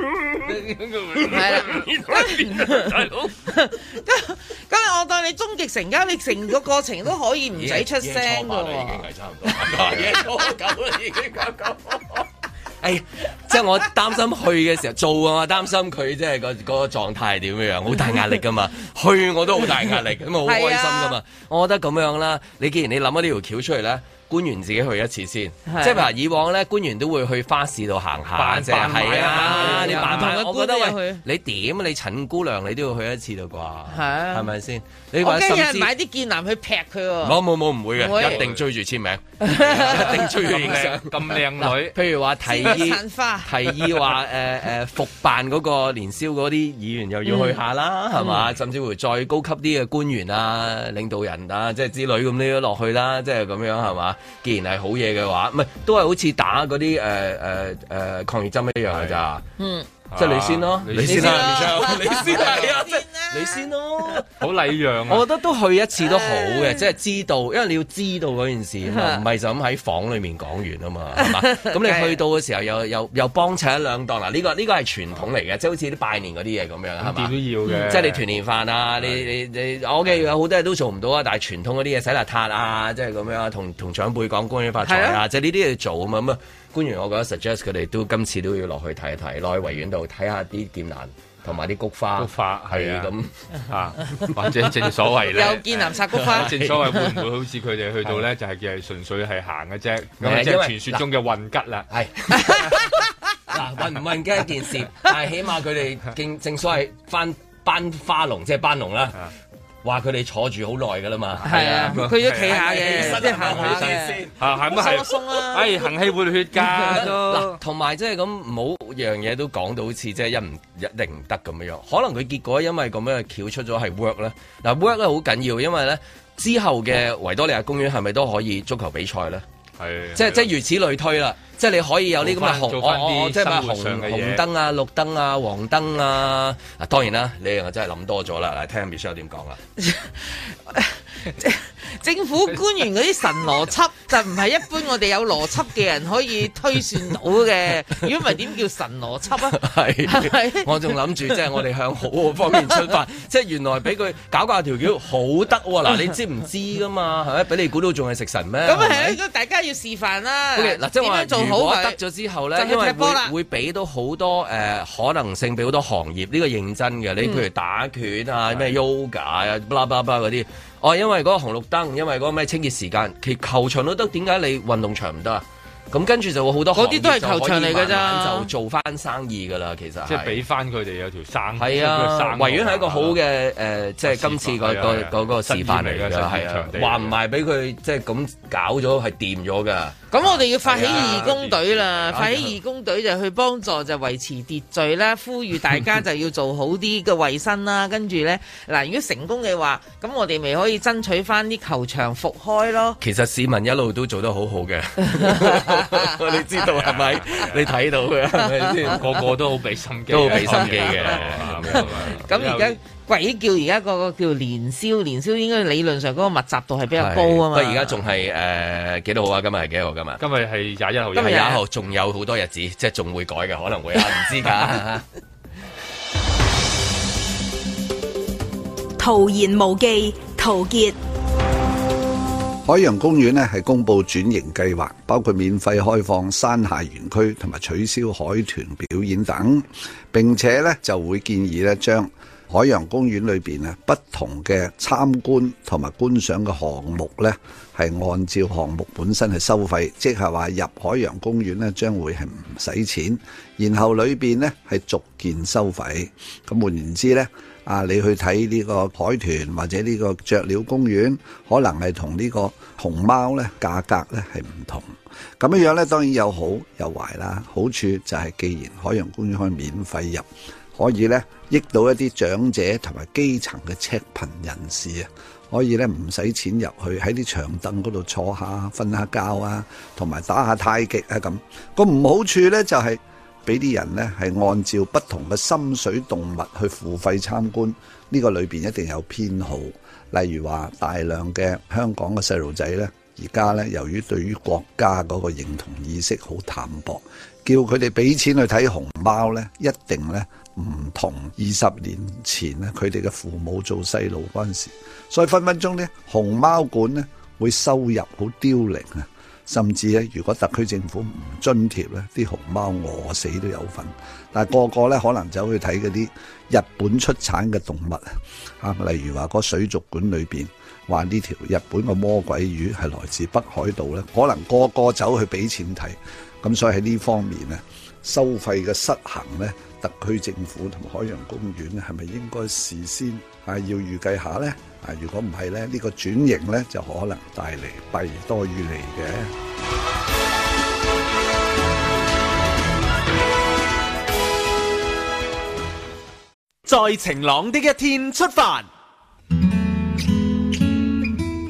係 啦、嗯，咁、嗯、咁、嗯嗯嗯嗯嗯、 我當你終極成交，你成個過程都可以唔使出聲噶喎。 已經係差唔多， 已經係初九，已經係九九。哎，即係我擔心去嘅時候做啊嘛，擔心佢即係個個狀態係點樣樣，好大壓力噶嘛。 去我都好大壓力，咁啊好開心噶嘛。 啊、我覺得咁樣啦，你既然你諗咗呢條橋出嚟咧。官員自己去一次先、啊，即係話以往咧，官員都會去花市度行下啫，係、就是、啊，啊，啊，啊，你扮、啊啊你扮啊、同嘅官都要你點你陳姑娘，你都要去一次嘅啩，係咪先？我今日買啲劍南去劈佢喎、啊。冇冇冇，唔會嘅，一定追住簽名， 一定追住影相。咁 靚女， 譬如話提議，提議話誒誒復辦嗰個年宵嗰啲，議員又要去下啦，係、嗯、嘛、嗯？甚至乎再高級啲嘅官員啊、領導人啊，即係之類咁啲落去啦，即係咁樣係嘛？既然係好嘢嘅話，唔係都係好似打啲誒誒誒抗疫針一樣嘅咋？嗯，即係你先咯，你先啦，你先啦，阿 Sir 先咯 先咯 你先咯，好 禮讓、啊、我覺得都去一次都好嘅，即 係知道，因為你要知道嗰件事嘛，唔 係就咁喺房裏面講完啊嘛，咁 你去到嘅時候 又又又幫襯一兩檔嗱，呢、這個呢、這個係傳統嚟嘅、就是嗯，即係好似啲拜年嗰啲嘢咁樣，點都要嘅，即係你團年飯啊， 你你我嘅、okay, 有好多嘢都做唔到啊，但係傳統嗰啲嘢洗邋遢啊，即係咁樣啊，同同長輩講官員法財啊，即係呢啲要做啊嘛、嗯，官員我覺得 suggest 佢哋都今次都要落去睇一睇，落去維園度睇下啲劍蘭。同埋啲菊花，菊花，係啊咁啊，正、啊、正所謂咧， 有見南側菊花。正所謂會唔會好似佢哋去到咧， 就係嘅純粹係行嘅啫，即係傳說中嘅運吉啦。係 嗱、哎，運唔運吉嘅一件事， 但係起碼佢哋正正所謂翻班花龍，即、就、係、是、班龍啦。啊話佢哋坐住好耐噶啦嘛，係啊，佢、啊、都企下嘅，即係、啊、行下，會會先。係咪係？誒，行氣活血噶都。嗱，同埋即係咁，唔好樣嘢都講到好似即係一唔一定唔得咁樣，可能佢結果因為咁樣撬出咗係 work 咧。嗱，work 咧好緊要，因為咧之後嘅維多利亞公園係咪都可以足球比賽咧？係，啊、即係即係如此類推啦。即係你可以有啲咁嘅紅哦，即紅紅燈啊、綠燈啊、黃燈啊。啊，當然啦，你我真係諗多咗啦。嗱，聽下 Michelle 點講啊？ 政府官員嗰啲神邏輯就唔係一般我哋有邏輯嘅人可以推算到嘅。如果唔係，點叫神邏輯啊？係 是， 我仲諗住即係我哋向好方面出發。 即係原來俾佢搞掛條件好得喎。嗱，你知唔知噶嘛？係咪俾你估到仲係食神咩？咁啊係， 大家要示範啦。Okay, 好，得咗之後咧，因為會會俾到好多誒、呃、可能性俾好多行業呢、呢個認真嘅，你譬如打拳啊、咩、嗯、Yoga 啊、巴拉巴拉嗰啲，哦、啊，因為嗰個紅綠燈，因為嗰個咩清潔時間，其球場都得，點解你運動場唔得啊？咁跟住就會好多嗰啲都係球場嚟嘅啫，就做翻生意噶啦，其實即係俾翻佢哋有條生，係啊，維園係一個好嘅誒，即、啊、係、就是、今次嗰嗰嗰個示範嚟嘅，係啊，話唔埋俾佢即係咁搞咗係掂咗嘅。咁、啊、我哋要發起義工隊啦、啊，發起義工隊就去幫助就維持秩序啦，呼籲大家就要做好啲嘅衛生啦。 跟住呢，嗱，如果成功嘅話，咁我哋咪可以爭取翻啲球場復開咯。其實市民一路都做得好好嘅， 你知道係咪？ 是不是 你睇到嘅係咪先？是是 個個都好畀心機，都好畀心機嘅。咁而家。鬼叫、嗰個！而家個個叫年宵，年宵應該理論上嗰個密集度係比較高啊嘛。不過而家仲係誒幾多號啊？今日係幾多號、啊？今日今日係廿一號。今日廿一號仲有好多日子，即係仲會改嘅，可能會 不道 啊，唔知㗎。徒然無忌，陶傑。海洋公園呢係公布轉型計劃，包括免費開放山下園區同埋取消海豚表演等。並且呢，就會建議呢將。海洋公園裏面啊，不同嘅參觀同埋觀賞嘅項目呢，係按照項目本身係收費，即係話入海洋公園呢將會係唔使錢，然後裏面呢係逐件收費。咁換言之呢，啊，你去睇呢個海豚或者呢個雀鳥公園，可能係同呢個熊貓呢價格呢係唔同。咁樣樣呢，當然有好有壞啦。好處就係既然海洋公園可以免費入。可以咧，益到一啲長者同埋基層嘅赤貧人士啊！可以咧，唔使錢入去喺啲長凳嗰度坐下瞓下覺啊，同埋打下太極啊咁。個唔好處咧就係俾啲人咧係按照不同嘅深水動物去付費參觀，呢個裏面一定有偏好。例如話大量嘅香港嘅細路仔咧，而家咧由於對於國家嗰個認同意識好淡薄，叫佢哋俾錢去睇熊貓咧，一定咧。唔同二十年前咧，佢哋嘅父母做細路嗰陣時，所以分分鐘咧，熊貓館咧會收入好凋零啊，甚至咧，如果特區政府唔津貼咧，啲熊貓餓死都有份。但係個個咧可能走去睇嗰啲日本出產嘅動物啊，例如話嗰水族館裏邊話呢條日本嘅魔鬼魚係來自北海道咧，可能個個走去俾錢睇，咁所以喺呢方面咧，收費嘅失衡咧。特區政府同海洋公園咧，係咪應該事先啊要預計下呢？啊，如果唔係咧，呢個轉型呢就可能帶嚟弊多於利嘅。在晴朗的一天出發。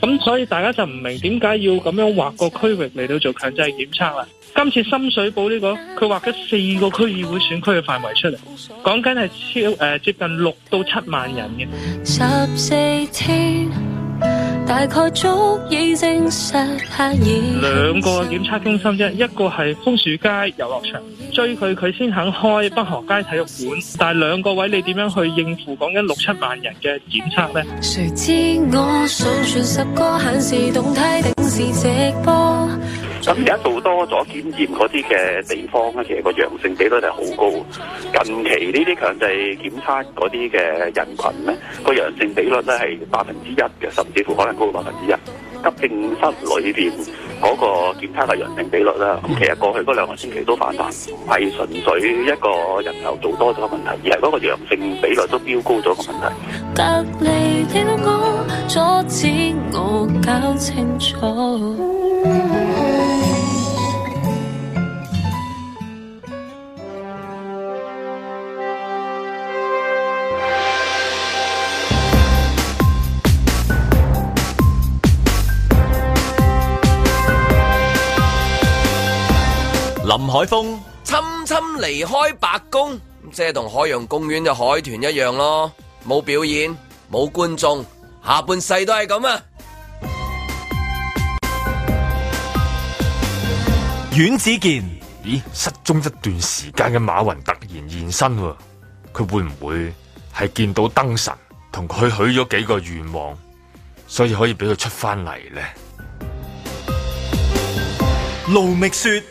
咁所以大家就唔明點解要咁樣劃個區域嚟到做強制檢測啦。今次深水埗呢個，佢劃咗四個區議會選區嘅範圍出嚟，講緊係超誒接近六到七萬人嘅。十四天。大概足以證實，兩個檢測中心啫，一個係楓樹街遊樂場，追佢佢先肯開北河街體育館。但係兩個位你點樣去應付講緊六七萬人嘅檢測咧？誰知我上傳十個限時動態定時直播？咁而家做多咗檢驗嗰啲嘅地方咧，其實個陽性比率係好高。近期呢啲強制檢測嗰啲嘅人群咧，個陽性比率咧係百分之一嘅，甚至乎可能。高百分之一，急症室裏邊嗰個檢測嘅陽性比率啦，咁其實過去嗰兩個星期都反彈，唔係純粹一個人流做多咗個問題，而係嗰個陽性比率都飆高咗個問題。隔林海峰，侵侵離開白宮，即係同海洋公園嘅海豚一樣咯，冇表演，冇觀眾，下半世都係咁啊！阮子健，咦，失蹤一段時間嘅馬雲突然現身，啊，佢會唔會係見到燈神，同佢許咗幾個願望，所以可以俾佢出翻嚟呢？盧覓雪。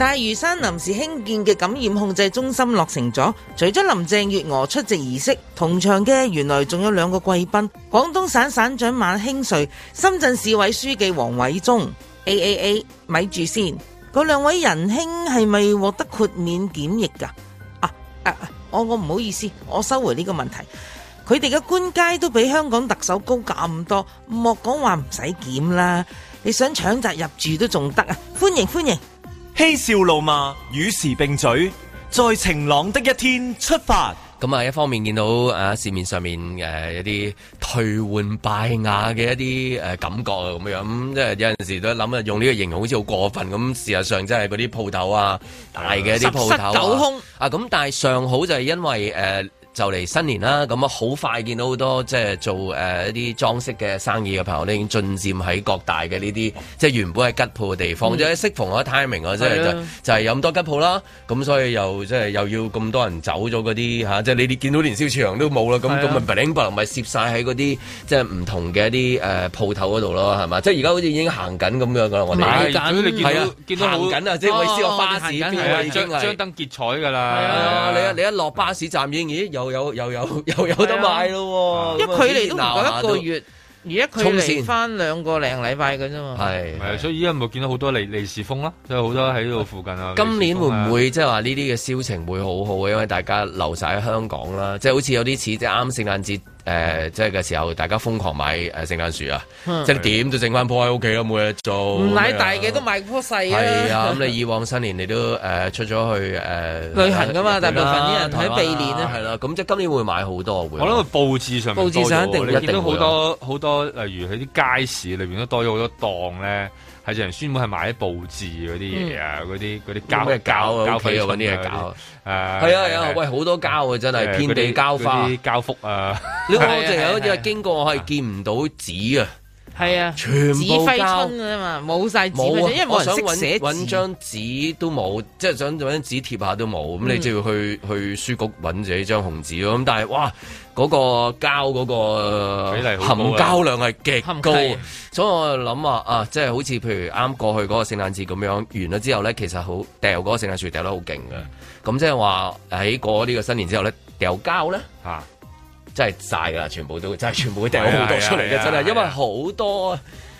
大嶼山臨時興建嘅感染控制中心落成咗，除咗林鄭月娥出席儀式，同場嘅原來仲有兩個貴賓：廣東省省長馬興瑞、深圳市委書記王偉中。A A A，咪住先，嗰兩位仁兄係咪獲得豁免檢疫噶、啊？啊誒、啊，我我唔好意思，我收回呢個問題。佢哋嘅官階都比香港特首高咁多，莫講話唔使檢啦。你想搶閘入住都仲得啊？歡迎歡迎！嬉笑怒罵與時並舉，在晴朗的一天出發。咁啊，一方面見到誒、啊、市面上面誒、呃、一啲退換拜亞嘅一啲誒、呃、感覺啊，咁樣咁、嗯、即係有陣時都諗啊，用呢個形容好似好過分咁。事實上，即係嗰啲鋪頭啊，大嘅一啲鋪頭空啊咁，但係尚好就係因為誒。呃就嚟新年啦，咁啊好快見到好多即係做誒一啲裝飾嘅生意嘅朋友咧，已經進佔喺各大嘅呢啲，即係原本係吉鋪嘅地方，或者適逢個 timing 啊，即係、嗯、就係有咁多吉鋪啦。咁、嗯、所以又即係又要咁多人走咗嗰啲嚇，即係你哋、啊呃啊、見到連年宵市場都冇啦，咁咁咪 bling bling 咪攝晒喺嗰啲即係唔同嘅一啲誒鋪頭嗰度咯，係嘛？即係而家好似已經行緊咁樣噶，我哋間你見到行緊啊，即係為咗我花啲錢係將張燈結彩㗎啦。係啊，你你一落巴士站已經咦？又有又有又有，有，有，有得買咯喎！一、啊、距離都唔夠一個月，而、啊、一距離翻兩個零禮拜嘅啫嘛。係，所以依家咪見到好多利利是風咯，即係好多喺呢度附近啊。今年會唔會即係話呢啲嘅銷情會好好嘅？因為大家留晒喺香港啦，即、就、係、是、好似有啲似即係啱聖誕節。誒、呃，即係嘅時候，大家瘋狂買誒聖誕樹啊！即係點都剩翻棵喺屋企都冇嘢做。唔買大嘅都買棵細啊！啊，咁你以往新年你都誒、呃、出咗去誒旅、呃、行㗎嘛？大部分啲人睇、啊、避年咧，係啦，咁即係今年會買好多喎。我諗喺佈置上佈置上一定，一定會見到好多好多，例如喺啲街市裏邊都多咗好多檔咧。呢成日孫母係買啲佈置嗰啲嘢啊，嗰啲啲膠啊，啊，揾啲嘢交啊。係啊係啊，啊，啊，喂，好多膠啊，真係遍地膠花、啊、膠幅啊！你我淨係因為經過係見唔到紙啊。係啊，全部膠揮春啊嘛，冇曬紙，因為冇人識寫。揾張紙都冇，即係想揾張紙貼下都冇，咁、嗯、你就要去去書局揾自己張紅紙咯。咁但係，哇，嗰、那個膠嗰、那個含膠量係極高是，所以我就諗啊啊，即係好似譬如啱過去嗰個聖誕節咁樣完咗之後咧，其實好掉嗰個聖誕樹掉得好勁嘅。咁即係話喺過呢個新年之後咧，掉膠咧真係晒㗎喇，全部都真係全部會掟好多出嚟嘅，真係，因為好多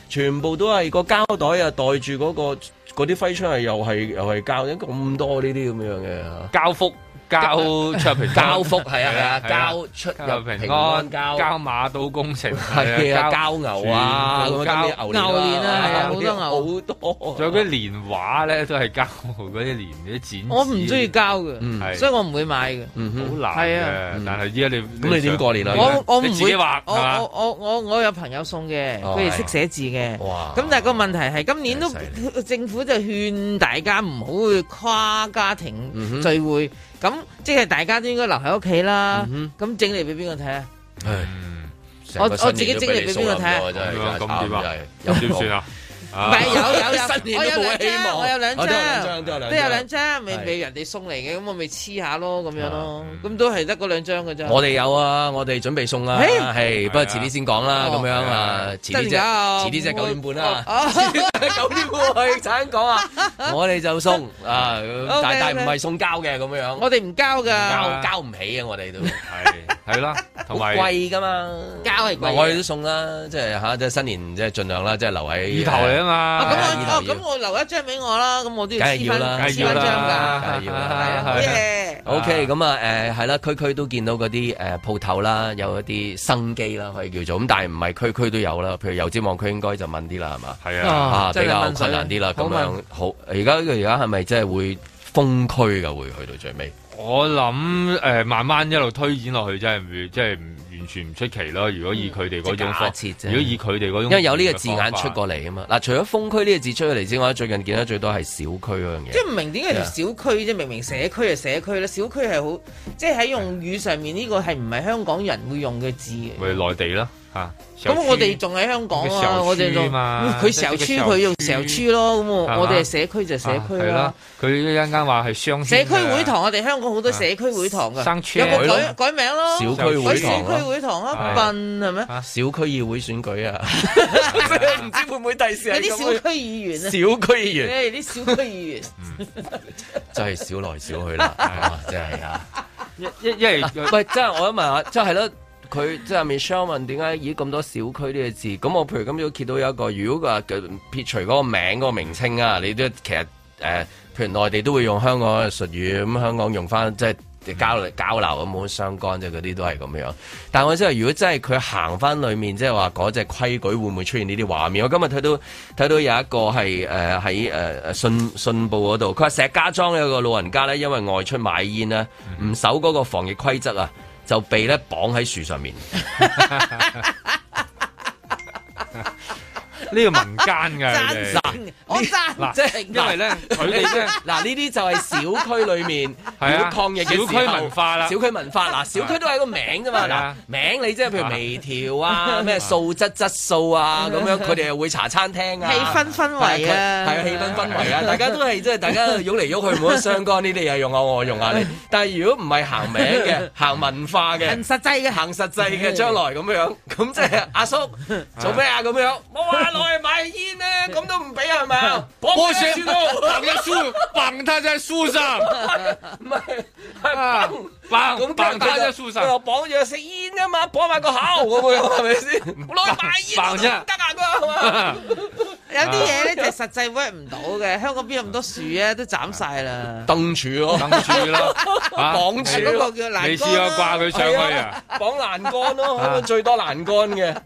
全部都係個膠袋、那個、膠這這啊，袋住嗰個嗰啲揮槍啊，又係又係膠咁多呢啲咁樣嘅膠覆。交出平交福係啊係啊交出入平安交交馬到工程係啊交牛啊交牛年啊係啊好多牛好多仲有啲年畫咧都係交嗰啲年嗰啲展我唔中意交嘅，所以我唔會買嘅，好難係啊。但係依家你咁你點過年啊？我我唔會畫，我我我我我有朋友送嘅，佢哋識寫字嘅。哇！咁但係個問題係今年都政府就勸大家唔好去跨家庭聚會。咁即係大家都應該留喺屋企啦。咁、嗯、整理俾邊個睇啊？我我自己整理俾邊個睇啊？咁點啊？咁點算啊？ 唔係有有新年嘅希望，我有兩張，都有兩張，都有兩張，未未人哋送嚟嘅，咁我咪黐下咯，咁樣咯，咁都係得嗰兩張嘅啫。我哋有啊，我哋準備送啦，係不過遲啲先講啦，咁樣啊，遲啲先，遲啲先九點半啦，九點半去產講啊，我哋就送啊，但但唔係送交嘅咁樣，我哋唔交噶，交交唔起啊，我哋都係係啦，同埋貴噶嘛，交係貴，我哋都送啦，即係嚇，即係新年即係盡量啦，即係留喺二頭嘅。咁我咁我留一張俾我啦，咁我都要。梗係要啦，張噶係啊，係啊，O K，咁啊，誒、yeah. okay,，係、呃、啦，區區、啊啊、都見到嗰啲誒鋪頭啦，有一啲生機啦，可以叫做，咁但係唔係區區都有啦，譬如油尖旺區應該就、啊啊、問啲啦，係嘛，係啊，比較困難啲啦，咁樣好，而家而家係咪真係會封區噶會去到最尾？我諗誒、呃，慢慢一路推展落去啫，唔，即係。完全唔出奇咯。如果以佢哋嗰種、嗯，如果以佢哋嗰種，因為有呢個字眼出過嚟啊嘛。嗱，除咗封區呢個字出咗嚟之外，最近見得最多係小區嗰樣嘢。即係唔明點解叫小區，即明明社區啊社區咧，小區係好，即係喺用語上面呢個係唔係香港人會用嘅字嘅？咪內地啦。咁、啊、我哋仲喺香港啊！那個、小我哋仲佢成日區佢用成日區咯，咁、嗯就是啊、我哋社區就社區、啊啊、啦。佢一陣間話係雙社區會堂，我哋香港好多社區會堂噶、啊，有冇改咧咧改名咯？小區會堂啊，笨，係咩？小區議會選舉啊，唔、啊啊啊 是啊、 知道會唔會第時？嗰啲、啊、小區議員啊，啊啊小區議員，啲、 嗯就是、小區議員就係少來少去啦，即 係啊！一、就、一、是啊、 因為 喂，真係我一問下，即係咯。佢即係面問點解咦咁多小區呢個字？咁我譬如今朝揭到有一個，如果佢話撇除嗰個名嗰、嗰個名稱啊，你都其實誒、呃，譬如內地都會用香港嘅術語，咁香港用翻即係交流交流咁冇相干，即係嗰啲都係咁樣。但係我知道，如果真係佢行翻裏面，即係話嗰隻規矩會唔會出現呢啲畫面？我今日睇到睇到有一個係誒喺誒信信報嗰度，佢話石家莊有個老人家咧，因為外出買煙咧，唔守嗰個防疫規則啊。就被咧綁喺樹上面。 呢個民間嘅，嗱我真，嗱即係因為咧，佢哋即係嗱呢啲就係小區裏面，抗疫嘅，小區文化啦，小區文化嗱，小區都係個名啫嘛，嗱名你即係譬如微調啊，咩素質質素啊咁樣，佢哋又會查餐廳啊，氣氛氛圍啊，係啊氣氛氛圍啊，大家都係即係大家喐嚟喐去冇得相干，呢啲嘢用下我，用下你，但係如果唔係行名嘅，行文化嘅，行實際嘅，行實際嘅，將來咁樣，咁即係阿叔做咩啊咁樣？冇啊！我係買煙咧，咁都唔俾係咪啊？綁樹都，綁一樹，綁它在樹上。唔係，係綁，綁，綁它在樹上。綁住食煙啊嘛，綁埋個口咁樣，係咪先？我攞去買煙唔得閒，有啲嘢咧就實際 work 唔到嘅，香港邊有咁多樹啊？都斬晒啦。登柱咯，登柱咯，綁柱。個叫欄杆。你試下掛佢上去啊？綁欄杆咯，香港最多欄杆嘅。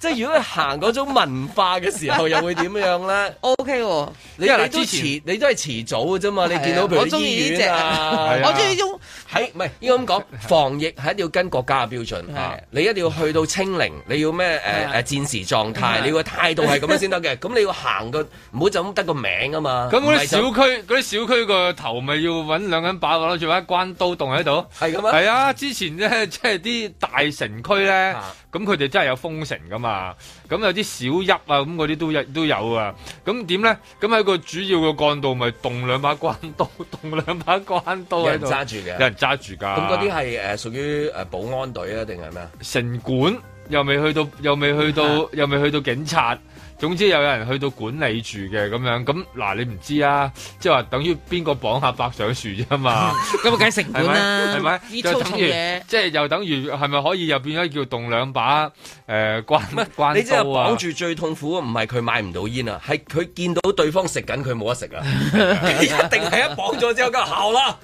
即係如果你行嗰種文化嘅時候，又會點樣咧？O K 喎，你都遲，你都係遲早嘅啫嘛。你見到佢去醫院啊？我中意呢隻，我中意呢種。喺唔係應該咁講 防疫係一定要跟國家嘅標準、啊啊。你一定要去到清零，你要咩？誒、呃、誒戰時狀態，啊、你要個態度係咁樣先得嘅。咁 你要行個唔好就咁得個名啊嘛。咁嗰啲小區，嗰啲小區個頭咪要揾兩個人把攞住把關刀棟喺度。係咁樣係啊！之前咧，即係啲大城區咧。 咁佢哋真係有封城噶嘛？咁有啲小邑啊，咁嗰啲都有都有啊。咁點咧？咁喺個主要嘅幹道咪、就是、動兩把關刀，動兩把關刀喺度。有人揸住嘅，有人揸住㗎。咁嗰啲係誒屬於誒保安隊啊，定係咩啊？城管又未去到，又未去到， 又未去到警察。總之又有人去到管理住嘅咁樣，咁嗱你唔知啊，即係話等於邊個綁下百上樹啫嘛，咁 啊計成本啦，係咪？等於即係又等於係咪可以又變咗叫動兩把誒、呃、關關刀啊？你即係綁住最痛苦，唔係佢買唔到煙啊，係佢見到對方食緊佢冇得食啊， 一定係一綁咗之後梗啊效啦，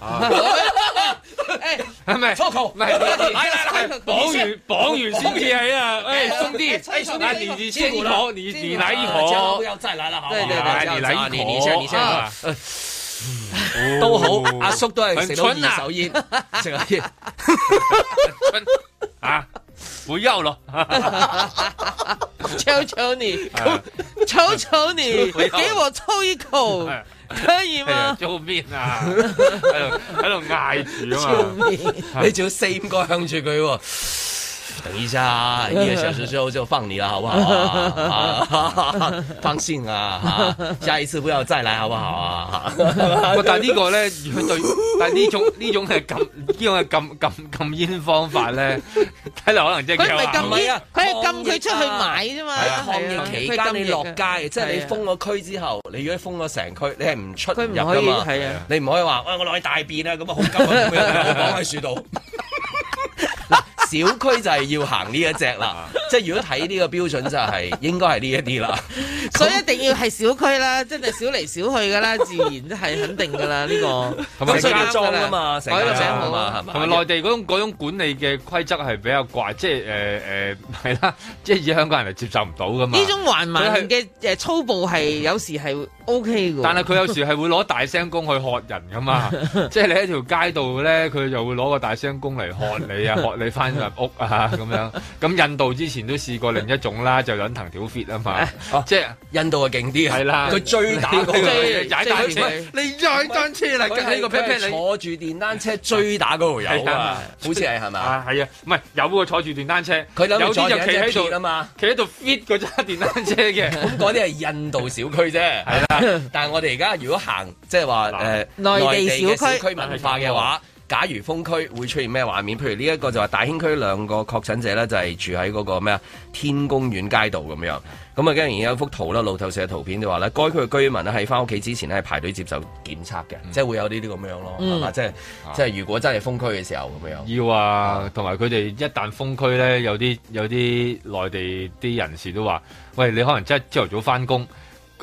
係 咪、 哎？初球唔係，綁完綁完先至起啊，哎，鬆啲，哎，鬆啲，你你以、啊、後不要再來了，好。對對對，你來，你你先，先，先，你先，先、啊哦。都好，阿叔都係食到二手煙，食下煙、啊。春啊，不要咯！求求你，求求你，你給我抽一口可以嗎？救命啊！喺度喺度嗌住啊嘛！你仲有四五個向住佢喎？等一下，一、這個小時之後就放你啦，好不好、啊啊？放心啊，下一次不要再來，好不好、啊啊？但係呢個咧，如果對，但係呢種呢種係禁，呢種係禁禁禁煙方法咧，睇嚟可能即係禁煙，佢係禁佢出去買啫嘛。防疫、啊啊、期間你落街，即係、啊就是、你封咗區之後，啊、你如果封咗成區，你係唔出、啊、入噶嘛？啊、你唔可以話，我落去大便啊，咁啊，好急啊，綁喺樹度。小區就係要行呢一隻啦。 即係如果睇呢個標準就係、是、應該係呢一啲啦，所以一定要係小區啦，即、就、係、是、小嚟小去噶啦， 自然係肯定噶啦呢、 這個。咁所以裝啊嘛，成個名啊嘛，同埋、啊啊、內地嗰種，種管理嘅規則係比較怪，即係誒誒係啦，即係以香港人係接受唔到噶嘛。呢種橫蠻嘅誒粗暴係有時係 OK 嘅。但係佢有時係會攞大聲公去喝人噶嘛， 即係你喺條街度咧，佢就會攞個大聲公嚟喝你啊，喝 你翻入屋啊咁樣。咁印度之前。以前都試過另一種啦， 就揾藤條 fit 啊嘛，啊即、哦、印度啊勁啲，係啦，佢追打個 你踩，單踩單車，你踩單車嚟，你坐住電單車追打嗰條友啊，好似係係咪？係啊，唔係有個坐住電單車，佢諗住坐緊只 fit 啊嘛，企喺度 fit 嗰揸電單車嘅，咁嗰啲係印度小區啫，係 啦是、啊， 但係我哋而家如果行即係話誒內地的小區文化嘅話。 假如封區會出現咩畫面？譬如呢一個就話大興區兩個確診者咧，就係、是、住喺嗰個咩啊天公園街道咁樣。咁啊，跟住然之後有一幅圖啦，路透社嘅圖片就話咧，該區嘅居民喺翻屋企之前咧係排隊接受檢測嘅，嗯、即係會有呢啲咁樣咯，嗯、即係即係如果真係封區嘅時候咁樣、啊。要啊，同埋佢哋一旦封區咧，有啲有啲內地啲人士都話，喂，你可能真係朝頭早翻工，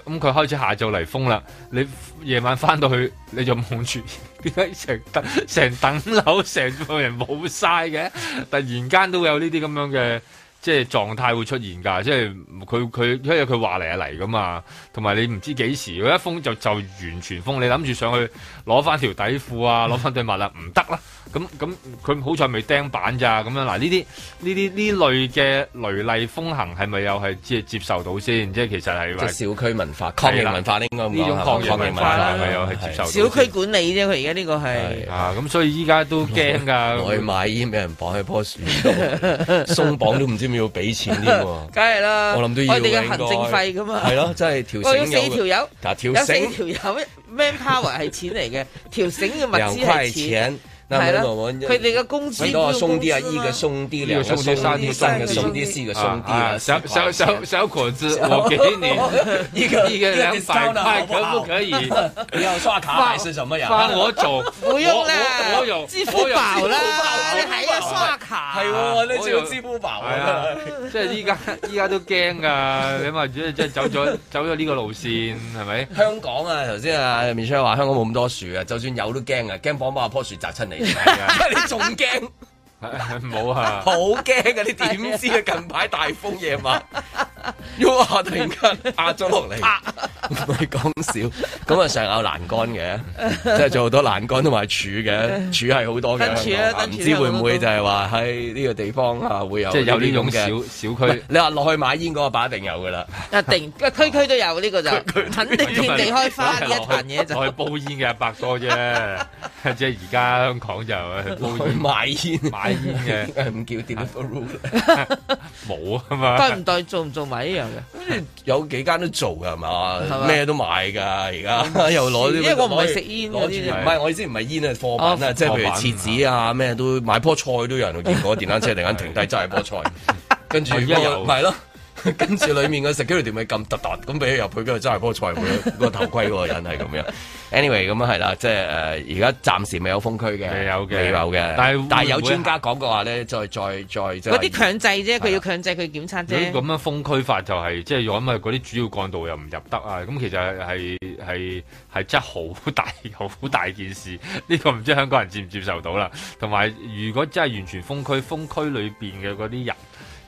咁佢開始下晝嚟封啦，你夜晚翻到去你就望住。點解成等成等樓成個人冇晒嘅？突然間都有呢啲咁樣嘅。即係狀態會出現㗎，即係佢佢因為佢話嚟就嚟㗎嘛，同埋你唔知幾時佢一封就就完全封，你諗住上去攞翻條底褲啊，攞翻對襪、啊嗯襪啊、啦，唔得啦。咁咁佢好彩未釘板咋咁樣嗱？呢啲呢啲呢類嘅雷厲風行係咪又係接接受到先？即係其實係即係小區文化、抗疫文化呢？應該呢種抗抗疫文化咪又接受到？小區管理啫，佢而家呢個係咁、啊、所以依家都驚㗎。外賣已經俾人綁喺棵樹度， 鬆綁都唔知。要俾錢添喎，梗係啦，我諗都要的。我哋嘅行政費㗎嘛，係咯， 真係條繩咁。 我有四條友，有四條友，man power 係錢嚟嘅，條繩嘅物資係錢。佢哋嘅工資要工資嘛？要啲，資、啊，要鬆啲，三嘅，四、啊、嘅、啊，啊，小小小伙子，小我俾你，依、 這個依、這個兩百塊可唔可以？要刷卡還是怎麼樣？我做，我，我，我用啦，我有支付寶啦，你喺度刷卡，係喎，你用支付寶啊？即係依家依家都驚噶，你話即係走咗走咗呢個路線，係咪？香港啊，頭先啊，Michelle 話香港冇咁多樹啊，就算有都驚啊，驚綁把阿棵樹摘親你。你仲驚？冇啊！好驚啊！你點知啊？近排大風夜晚， 哇突然間壓咗落嚟，唔係講笑，咁啊成日有欄杆嘅， 即係做好多欄杆同埋柱嘅，柱係好多嘅，唔 知道會唔會就係話喺呢個地方吓、啊、會有，即係有呢種小這種小區。你話落去買煙嗰個把一定有噶啦， 一定區區都有呢、這個就， 肯定遍地 開花嘅嘢就。落 去， 去煲煙嘅阿伯多啫，即係而家 香港就煲煙 買煙煙。 煙嘅，唔叫電冇啊嘛，對唔對,對？做唔做埋一樣嘅？ 有幾間都做噶，係 嘛？咩都賣噶，而家又攞啲，因為我唔係食煙，啲唔係，我意思唔係煙啊，貨品啊，即係譬如廁紙啊，咩都買棵菜都有人都見過 電單車突然間停低揸係棵菜，跟住，係 咯有。 跟住裏面嘅食 e c u r 咪咁突突，咁俾佢入去跟佢揸嚟棵菜，佢個頭盔嗰個人係咁樣。anyway，咁啊係啦，即係誒，而家暫時未有封區嘅，未有嘅，未有嘅。但係但係有專家講嘅話咧，再再再嗰啲強制啫，佢要強制佢檢測啫。咁樣封區法就係、是、即係，因為嗰啲主要幹道又唔入得啊。咁其實係係係係真的好大好大件事。呢、這個唔知道香港人接唔接受到啦。同埋，如果真係完全封區，封區裏邊嘅嗰啲人。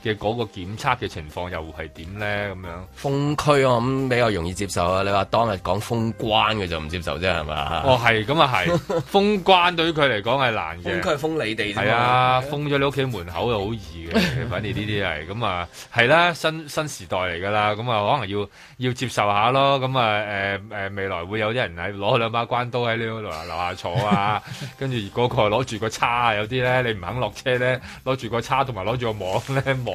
嘅嗰個檢測嘅情況又會係點咧？咁樣封區我諗比較容易接受啊！你話當日講封關嘅就唔接受啫，係嘛？哦，係咁啊，係封 關對於佢嚟講係難嘅。咁區封你哋，係啊，封咗你屋企門口又好易嘅。反而呢啲係咁啊，係啦，新新時代嚟㗎啦。咁啊，可能要要接受一下咯。咁啊，誒、呃、誒，未來會有啲人喺攞兩把關刀喺你度下樓下坐啊，跟住嗰個攞住個叉啊，有啲咧你唔肯落車咧，攞住個叉同埋攞住個網咧網。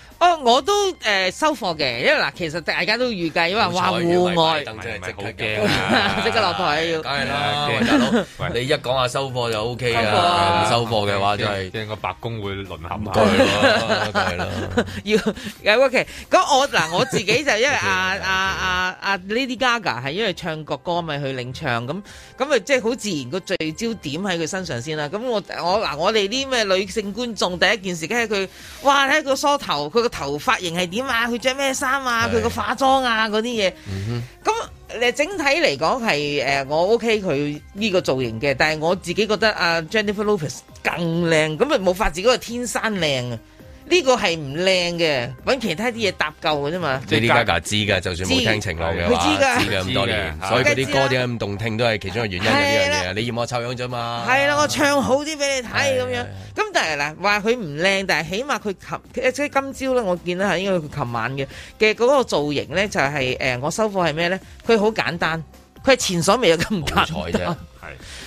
哦，我都誒收貨嘅，因為嗱，其實大家都預計，因為話戶外，等好驚即刻嘅，即刻落台要。梗係啦，你一講下收貨就 OK 啊，收貨嘅話就係即個白宮會淪陷下咯，要誒，OK，咁我嗱我自己就因為阿阿阿阿 Lady Gaga 係因為唱國歌咪去領唱，咁咁咪即係好自然個聚焦點喺佢身上先啦。咁我我嗱我哋啲咩女性觀眾第一件事梗係佢，哇睇個梳頭，佢個。頭髮型係點啊？佢着咩衫啊？佢個化妝啊，嗰啲嘢。咁誒，整體嚟講係誒，我 OK 佢呢個造型嘅，但係我自己覺得阿、 uh, Jennifer Lopez 更靚，咁啊冇法子嗰個天生靚啊。呢、這個係唔靚嘅，揾其他啲嘢搭救嘅啫嘛。即係 Lady Gaga 知㗎，就算冇聽情侶嘅話，知㗎咁多年， 所以佢啲歌點解咁動聽都係其中嘅原因呢樣嘢。你要我抽樣啫嘛。係啦，我唱好啲俾你睇咁樣。咁但係嗱，話佢唔靚，但係起碼佢琴即係今朝咧，我見到係應該佢琴晚嘅嘅嗰個造型咧、就是，就係誒我收貨係咩咧？佢好簡單，佢係前所未有咁唔格才。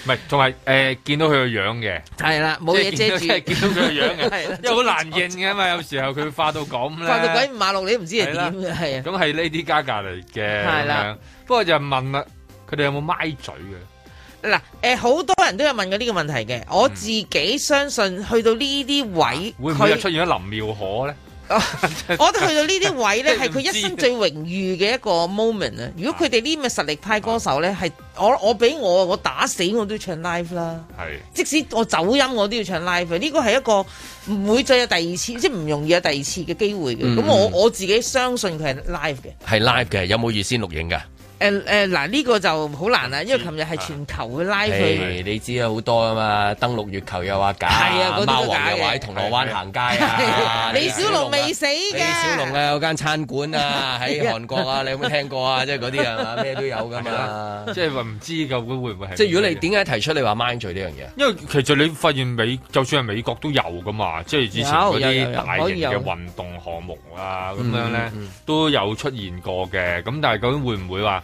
唔係，仲係誒，見到佢個樣嘅，係啦，冇嘢遮住，即係見到佢個樣嘅，因為好難認嘅嘛， 有時候佢化到咁咧，化到鬼五馬六，你都唔知係點，係啊。咁係呢啲 Lady Gaga 嚟嘅，係啦。不過就問啦，佢哋有冇咪嘴嘅？嗱，誒、呃，好多人都有問過呢個問題嘅。我自己相信去到呢啲位，嗯、會唔會又出現咗林妙可咧？ 我覺得去到呢啲位咧，係佢一生最榮譽嘅一個 moment 啊！如果佢哋呢啲嘅實力派歌手咧，係我我俾我我打死我都要唱 live 啦，係即使我走音我都要唱 live。呢個係一個唔會再有第二次，即係唔容易有第二次嘅機會嘅。咁我我自己相信佢係 live 嘅，係 live 嘅，有冇預先錄影㗎？誒誒，嗱呢個就好難啊，因為琴日係全球去拉佢。你知啊，好多啊嘛，登陸月球又話假，貓王又話喺銅鑼灣行街啊，李小龍未死嘅，李小龍啊有間餐館啊喺韓國啊，你有冇聽過啊？即係嗰啲啊，咩都有噶嘛，即係話唔知究竟會唔會係？即係如果你點解提出你話 mind 罪呢樣嘢？因為其實你發現美就算係美國都有噶嘛，即係之前嗰啲大型嘅運動項目啊咁樣咧都有出現過嘅，咁但係究竟會唔會話？